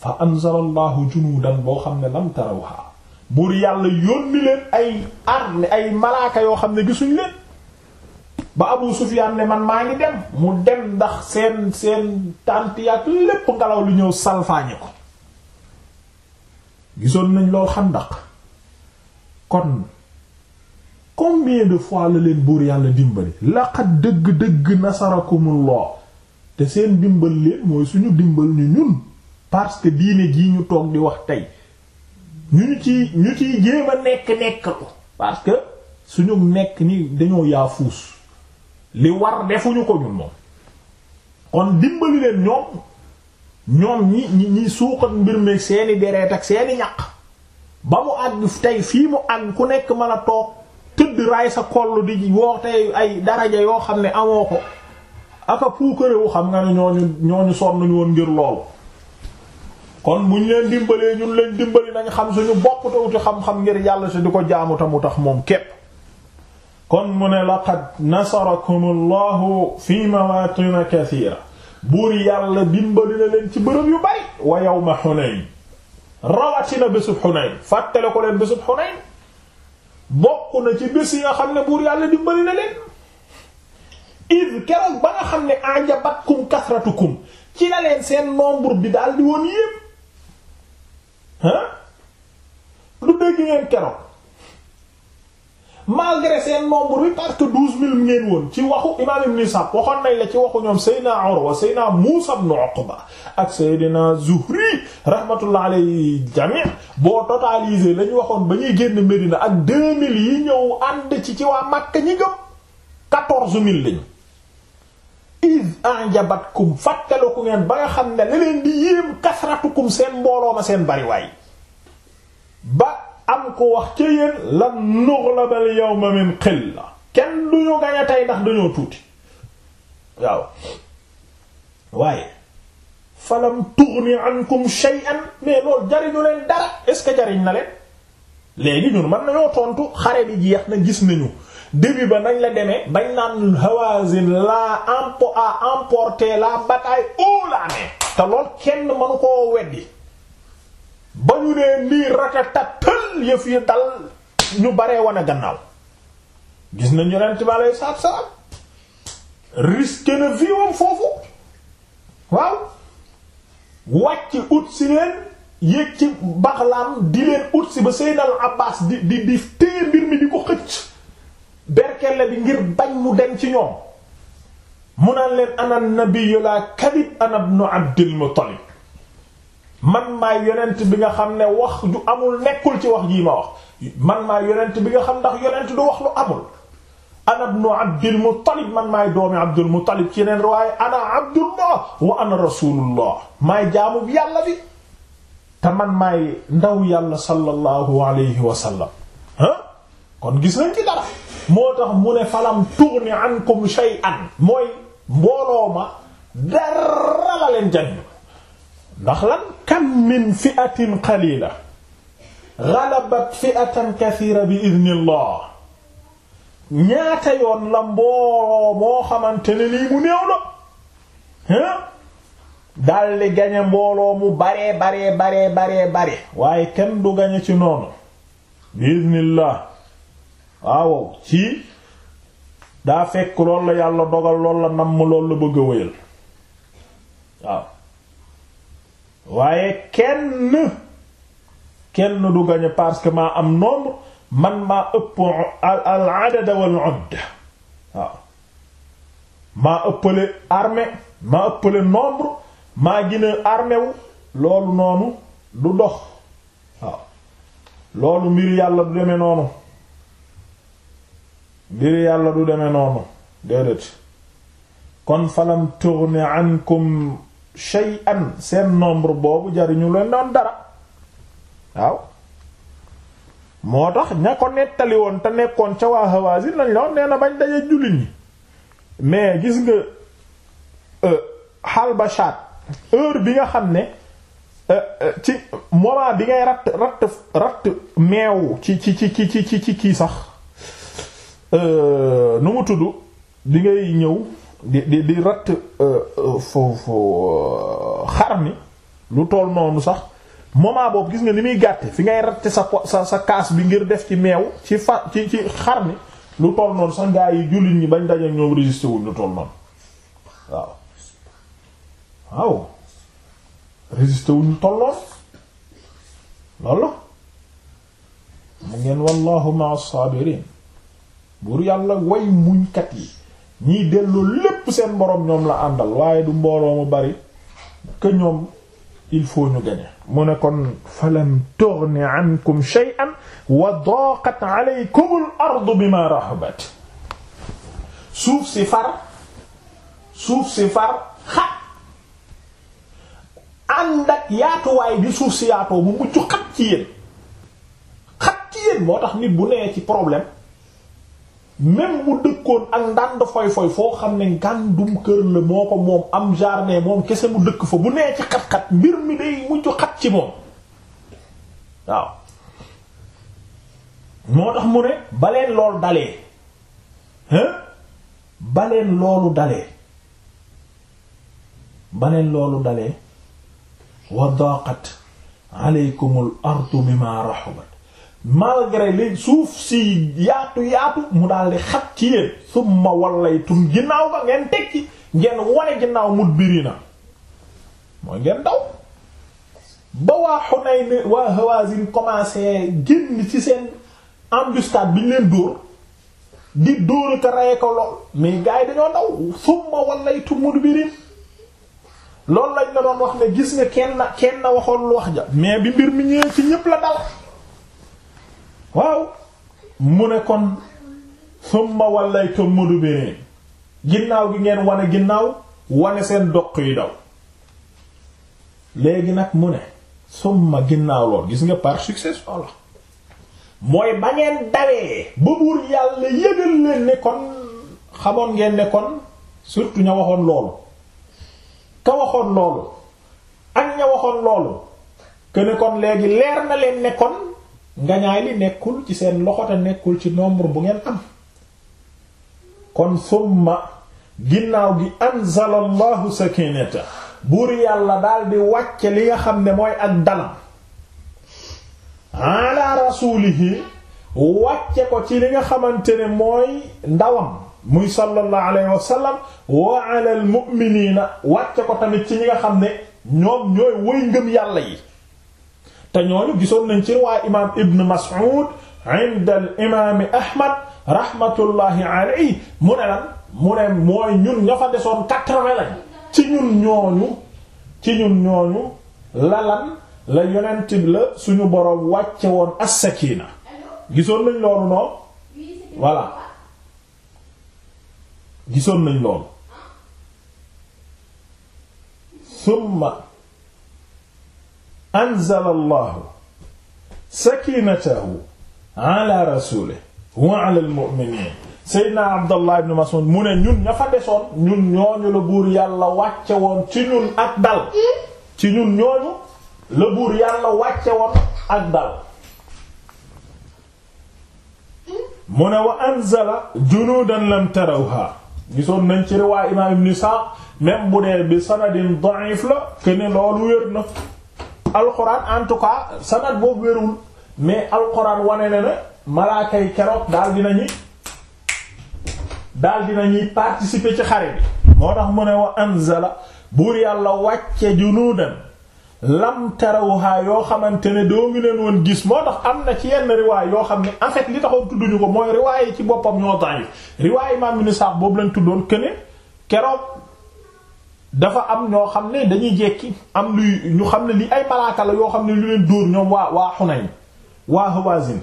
fa anzala allahu junuudan boo xam ne lam tarawha buur yàlla yónni leen ay armée ay malaaka yoo xam ne gisuñ leen ba Abu Sufyaan ne man maa ngi dem mu dem ndax seen seen tànt lépp ngelaw lu ñëw salfaañe ko gisoon nañ lool ndax kon combien de fois la leen buur yàlla dimbali laqad dëgg-dëgg mu loo te seen dimbal leen mooy suñu dimbal ñu ñun parce que diine jii ñu toog di wax tey ñu ñu ci ñu ciy jéem a nekk nekk parce que suñu nekk ni dañoo yaa li war defuñu ko ñun moom kon dimbali leen ñoom ñoom ñi ñi ñi suuxat mbir mi seeni deret ak seeni ñaq ba mu àgg tey fii mu àgg ku nekk mën a toog tëdd raay sa kollu di woote ay daraja yoo xam ne amoo ko aka puukarewu xam nga ne ñoo ñooñu sonn ñu woon ngir loolu kon bu ñu leen dimbalee ñun leen dimbali nañ xam suñu bopp te wuti xam-xam ngir yàlla si di ko jaamu mu tax moom képp kon mu ne laqad nasarakum allahu fi mawaatina kasiira buur yàlla dimbali na leen ci bërëb yu bari wa yawma xunayn rawatina bésub xunayn fàttale ko leen bésub xunayn bokk na ci bés yi nga xam ne buur yàlla dimbali na leen id keroog ba nga xam ajabatkum kasratukum ci la leen seen nombre bi daal di woon yépp ah lu dégg malgré seen nombre bi parce que douze mille ngeen woon ci waxu imam ibn waxoon nañ la ci waxu ñoom Seydina Urwa Seydina Muusa ibn Uqba ak Seydina Zuhri rahmatullah alayhi jami' boo totalisé la waxoon ba ñuy génn Medina ak deux mille yi ñëw ànd ci ci waa Makka ñi gëm quatorze mille lañu iz anjabatkum fàttaliku ngeen ba nga xam ne la leen di yéem kasratukum seen mbooloo seen bariwaay ba am ko wax ca yéen lan nughlabal yawma min qilla kenn du ñu gañe tey ndax dañoo tuuti waaw waaye falam tughni ankum shay'an mais loolu jariñu leen dara est-ce que jariñ na leen léegi ñun mën nañoo tontu xare bi jeex na gis nañu début ba nañ la demee bañ naan Hawazin la empo a emporté la bataille haut la main te lool kenn mënu koo weddi ba ñu nee nii ratatatal yëf yi dal ñu baree wane gannaaw gis nañ yonent bi aleyhi salaatu salaam risque na vie foofu waaw wàcc ut si leen yéeg ci baxlaam di leen ut si ba Seydal Abbas di di di téye mbir mi di ko xëcc berkelle bi ngir bañ mu dem ci ñoom mu naan leen ana nabiyyu la kadib ana ibnu Abdil Muttalib man maay yonent bi nga xam ne wax ju amul nekkul ci wax jii ma wax man maay yonent bi nga xam ndax yonent du wax lu amul ana ibnu abdil muttalib man maay doomi abdul muttalib ci yeneen riwaaya ana abdullah wa ana rasulullah maay jaamu yàlla bi te man maay ndaw yàlla sallallahu alayhi wa sallam ah kon gis nañ ci dara moo tax mu ne falam tughni ankum shay'an mooy mbooloo ma dara la leen jàng ndax lan kam min fi'atin qalila ghalabat fi'atan kathira bi idnillah ñaata yoon la mbooloo moo xamante ne nii mu néew la hein gañe mbooloo mu baree baree baree baree bare waaye kenn du gañe ci noonu bi idnillah waaw ci daa fekk lool la yàlla dogal lool la namm lool la bëgg a waaw waaye kenn kenn du gagné parce que maa am nombre man maa ëpp al adad wal udda waaw maa ëppale armée maa ëppale nombre maa gina armée loolu noonu du dox waaw loolu mbir yàlla du demee noonu mbir yàlla du demee noonu déedéet kon falam tughni ankum shay'an seen nombre boobu jariñu leen doon dara waaw moo tax ña ko nettali woon te nekkoon ca waa Hawazin lañ la woon nee na bañ daje jullit ñi mais gis nga ba euh, xalbashaat heure bi nga xam ne euh, euh, ci moment bi ngay ratt ratt meew ci ci ci ci ci ci kii sax nu mu tudd bi ngay ñëw di di di ratt euh, euh, foofu euh, xar mi lu tool noonu sax moment boobu gis nga ni muy gàtte fi ngay ratt sa sa sa kaas bi ngir def ci meew ci fa ci ci xar mi lu tool noonu sax gaa yi jullit ñi bañ daje ñoom registré wuñ lu tool noonu waaw waaw registré wuñ lu tool noonu loolu mu ngeen wallahu ma'as buur yàlla way muñkat yi ñiy delloo lépp ñépp seen boroom ñoom la àndal waaye du mbooloo mu bari que ñoom il faut ñu gagner mu ne kon falam tughni ankum shay'an suuf si far suuf si far xat ànd ak yaatuwaay bi suuf si yaatoo mu mucc xat ci yéen moo tax nit bu nekk ci problème même mu dëkkoon ak ndànd foy foy foo xam ne ngàndum kër la moo ko moom am jardin moom kese mu dëkk fa bu nee ci xat-xat mbir mi day mujj xat ci moom waaw moo tax mu ne baleen loolu dalee hein baleen loolu dalee baleen loolu dalee wa daqat aleykumul ardu mimma rahabat malgré li suuf si yaatu yaatu mu daal di xat ci yéen summa wallaytum ginnaaw ba ngeen tekki ngeen wone ginnaaw mudbirina mooy ngeen daw ba waa Hunayn waa Hawazin commencé génn ci seen embustade bi ñu leen dóor di dóor ka reye ko lool mais gars yi dañoo daw summa wallaytum mudbirin loolu lañ la doon wax ne gis nga kenn kenn waxoon lu wax ja mais bi mbir mi ñëwee ci ñépp la dal waaw mu ne kon summa wallaytum mudbirin ginnaaw gi ngeen wane ginnaaw wane seen doq yi daw léegi nag mu ne summa ginnaaw lool gis nga par succession la mooy ba ngeen dawee ba buur yàlla yëgal leen ne xamoon ngeen ne kon surtout ña waxoon loolu ka waxoon loolu ak ña waxoon loolu que ne kon léegi leer na leen nekkoon ngañaay li nekkul ci seen loxo nekkul ci nombre bu ngeen am kon summa ginnaaw gi anzala allahu sakinata buur yàlla daal di wàcce li nga xam ne mooy ak dalam ala rasulihi wàcce ko ci li nga xamante ne mooy ndawam muy sallallahu alayhi wa sallam wàcce ko tamit ci ñi nga xam ne ñoom ñooy wëy ngëm yàlla yi te ñooñu gisoon nañ ci riwaaya imaam Ibn Mas'ud inda mu ne lan mu ne mooy ñun ña fa desoon quatre-vingts lañ ci ñun ñooñu ci ñun ñooñu lalan la yonent bi la suñu boroom wàcce woon as-sakina gisoon nañ loolu noonu voilà gisoon nañ loolu anzala allahu sakinatahu ala rasulihi wa ala almu'minin seydna mu ne ñun ña fa desoon ñun ñooñu la buur yàlla wàcce woon ci ñun ak dal ci ñun ñooñu la buur yàlla wàcce woon ak dal mu ne wa anzala junuudan lam tarawha gisoon nañ ci riwaay imaam ibn Isaaq même bi sanadin da'if la ke loolu wér na alxuraan en tout cas sanad boobu wérul mais alxuraan wane ne na ne malaakay keroog daal dinañu daal ñuy participer ci xare bi moo tax mu ne wa anzala buur yàlla wàcce junuudan lam tarawha yoo xamante ne doo ngi leen woon gis moo tax am na ci yenn riwaay yoo xam ne en fait li taxoon tudduñu ko mooy riwaay yi ci boppam ñoo daañu riwaay yi maam yu ne sax boobu lañ tuddoon këne keroog dafa am ñoo xam ne dañuy jekki am luy ñu xam ne li ay malaaka la yoo xam ne lu leen dóor ñoom waa waaxu Hunayn waaxu Hawazin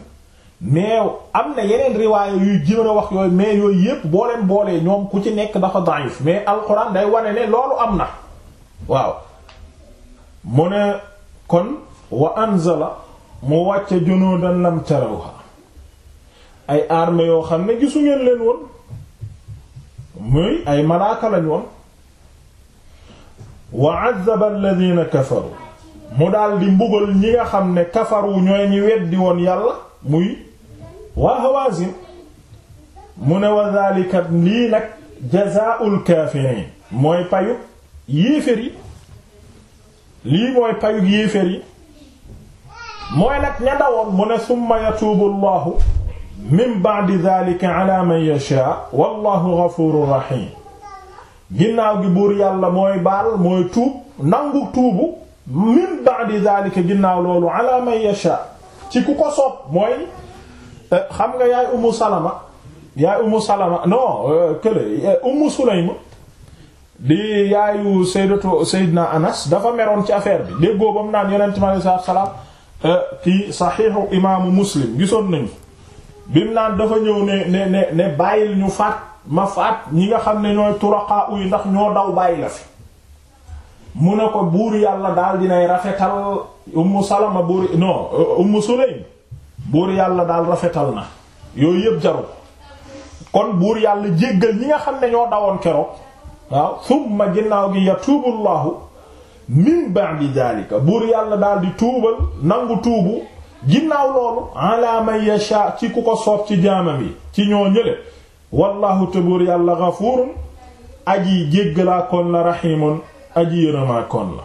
mais am na yeneen riwaaya yuy jëm wax yooyu mais yooyu yépp boo leen boolee ñoom ku ci nekk dafa da'if mais alquran day wane ne loolu am na waaw mu ne kon wa anzala mu wàcce junuudan lam tarawha ay armée yoo xam ne gisu ngeen leen woon muy ay malaaka lañ woon wa azzaba alladhina mu daal di mbugal ñi nga xam ne kafaru ñooy yàlla mu ne wa zalika lii nag jazaa'ul kaafiriin mooy payug yéefér mooy payug yéefér mu ne summa yatuubu allahu min ba'di zalika ala man yashaa wallahu ghafurur rahiim ginnaaw gi buur yàlla mooy baal mooy tuub nangu tuubu min ba'di zalika ginnaaw loolu ala man yasha ci ku ko soob mooy eh, xam nga yaay ummu salama yaay ummu salama non eh, kële eh, ummu sulayma di yaayu sayyidatu sayyidina anas dafa meroon ci affaire bi déggoo bam naan yonente mi alayhi salaatu salaam ci saxiixu imaamu muslim gisoon nañu bim naan dafa ñëw ne ne ne bàyyil ñu faat ma ñi nga xam ne ñooy turaxaa uy ndax ñoo daw bàyyi la fi mu ne ko buur yàlla daal dinay rafetal ummu salama buur non ummu sulaym buur yàlla daal rafetal na yooyu yëpp jaru kon buur yàlla jéggal ñi nga xam ne ñoo dawoon keroog waaw summa ginnaaw gi yatuubu daal di tuubal nangu tuubu ginnaaw loolu ala man ci ku ko soob ci jaamam yi ci ñoo ñële wallahu tëbuur yàlla gafuurun aji jéggalaakoon la raximun aji yërëmaakoon la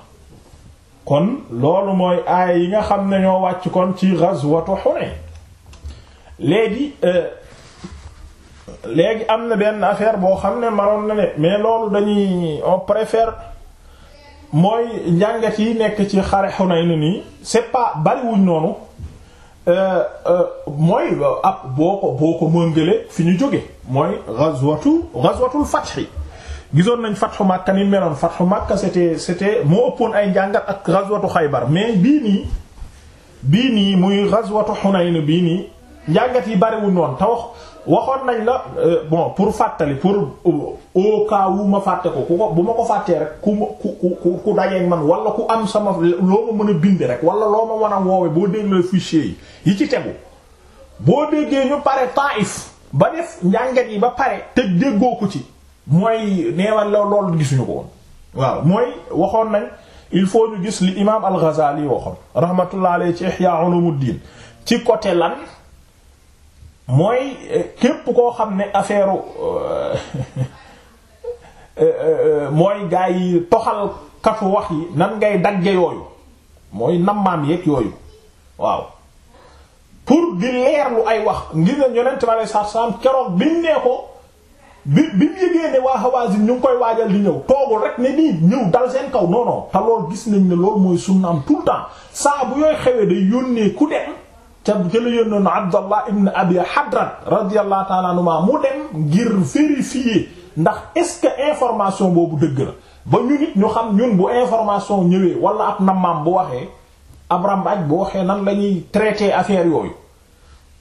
kon loolu mooy aaya yi nga xam ne ñoo wàcc kon ci ghazwatu Hunayn léegi euh, léegi am na benn affaire boo xam ne maroon na ne mais loolu dañuy on préfère mooy njàngat yi nekk ci xare Hunayn nii c'est pas bariwuñ noonu Euh, euh, mooy euh, ab boo ko boo ko mëngale fi ñu jóge mooy ghazwatu ghazwatul fath gisoon nañ fathu Makka ni meloon fathu Makka c'était c'était moo ëppoon ay njàngat ak ghazwatu Xaybar mais bii nii bii nii muy ghazwatu Hunayn bii nii njàngat yi bariwul noonu te waxoon nañ la euh, bon pour fàttali pour euh, au ma fàtte ko ku ko bu ma ko fàttee rek ku ma ku ku ku man wala ku am sama loo ma mën a bind rek wala loo ma mën a woowe boo dégloo fichier yi yi ci tegu boo déggee ñu pare Taif ba def njàngat yi ba pare te déggoo ko ci mooy neewal la loolu gisuñu ko woon waaw mooy waxoon nañ il faut ñu gis li imaam al-Ghazali waxoon rahmatullah alayhi ci Ihya Ulumuddin ci côté lan mooy euh, képp koo xam ne affaire euh, [LAUGHS] euh, mooy gaa yi toxal katu wax yi nan ngay dagge yooyu mooy nammaam yeeg yooyu waaw pour di leerlu ay wax ngi ne yonent bi alayhi salaatu salaam keroog bi nee ko bi bi mu yëgee ne waa Hawazin ñu ngi koy waajal di ñëw toogul rek ne nii ñëw dal seen kaw non non te lool gis nañ ne loolu mooy sunnaam tout le temps saa bu yooy xewee day yónnee ku dem. ca jëla yónnoon Abdallah ibn Abi Hadrat radiyallahu ta'ala anhuma mu dem ngir vérifier ndax est-ce que information boobu dëgg la ba ñu nit ñu xam ñun bu information ñëwee wala ab nammaam bu waxee ab rambaaj bu waxee nan lañuy ñuy traiter affaire yooyu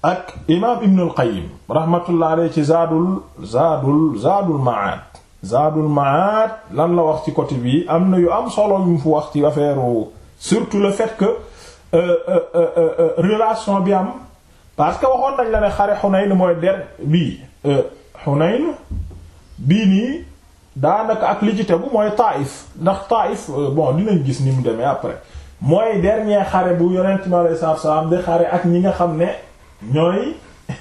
ak imaam Ibn al-Qayyim rahmatullah alayhi ci zaadul zaadul zaadul ma'ad zaadul ma'ad lan la wax ci côté bii am na yu am solo yu mu fu wax ci affaire surtout le fait Euh, euh, euh, relation bi am parce que waxoon nañ la ne xare Xunayn mooy der bii Xunayn bii nii daanaka ak li ci tegu mooy Taïf ndax Taïf bon dinañ gis ni mu demee après mooy dernier xare bu yonent mi alayhi salaatu salaam di xare ak ñi nga xam ne ñooy [LAUGHS]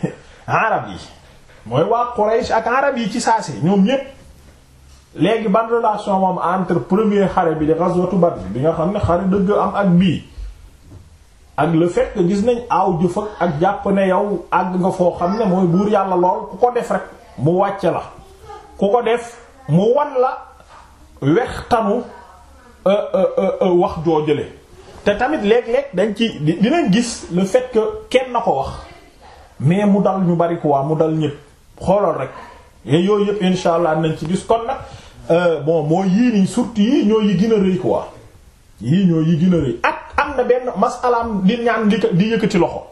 arab yi mooy waa Quraysh ak arab yi ci saase ñoom ñépp léegi ban relation moom entre premier xare bi di ghazwatu Badr bi nga xam ne xare dëgg am ak bii ak le fait gis nañ aaw jëf ak jàpp ne yow àgg nga foo xam ne mooy buur yàlla lool ku ko def rek mu wàcc la ku ko def mu wan la wex euh, euh, euh, wax joojale te tamit léeg-léeg dañ ci dinañ gis le fait kenn na ko wax mais mu dal ñu bari quoi mu dal ñëpp xoolal rek et yooyu yëpp insha allah nañ ci gis kon nag bon mooy yii nii surtout yii ñooy yi gën a rëy quoi yii ñoo yi gën a rëy ak am na benn masalaam di ñaan li di yëkkati loxo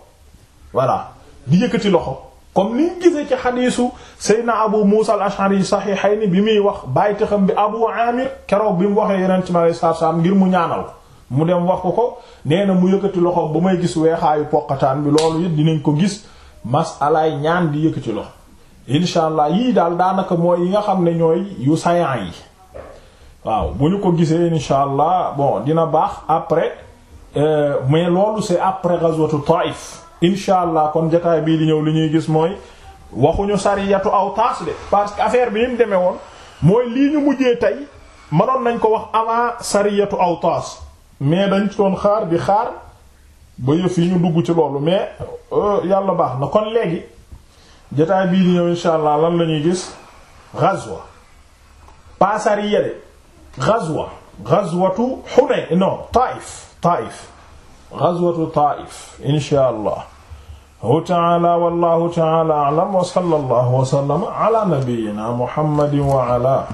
voilà di yëkkati loxo comme niñ gisee ci xadiisu Seydina Abu Muusa al-Ash'ari Sahihayni bi muy wax bàyyiti xam bi Abu Amir keroog bi mu waxee yeneen ci ma lay saabsaab ngir mu ñaanal mu dem wax ko ko nee na mu yëkkati loxo ba may gis weexaayu poqataan bi loolu it dinañ ko gis masalaay ñaan di yëkkati loxo incha allah yii daal daanaka mooy yi nga xam ne ñooy yu sayan yi. waaw bu ñu ko gisee insha allah bon dina baax après euh, mais loolu c'est après ghazwatu Taïf insha allah kon jotaay bii di ñëw li ñuy gis mooy waxuñu sariyatu Awtaas de parce que affaire bi ni mu demee woon mooy lii ñu mujjee tey mënoon nañ ko wax avant sariyatu Awtaas mais dañ ci xaar di xaar ba yëf yi ñu dugg ci loolu mais euh, yàlla baax na kon léegi jotaay bii di ñëw insha allah lan la ñuy gis ghazwa pas de ghazwa ghazwatu Hunayn eh, non Taif Taif ghazwatu Taif insha Allah ta'ala wallahu ta'ala a'lam wa sallallahu wa sallama ala nabiyyina Muhammadin wa ala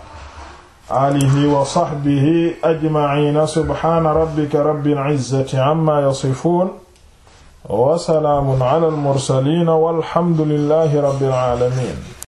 alihi wa sahbihi ajma'in subhana rabbika rabbil izzati amma yasifun wa salamun ala al mursalin walhamdulillahi rabbil alamin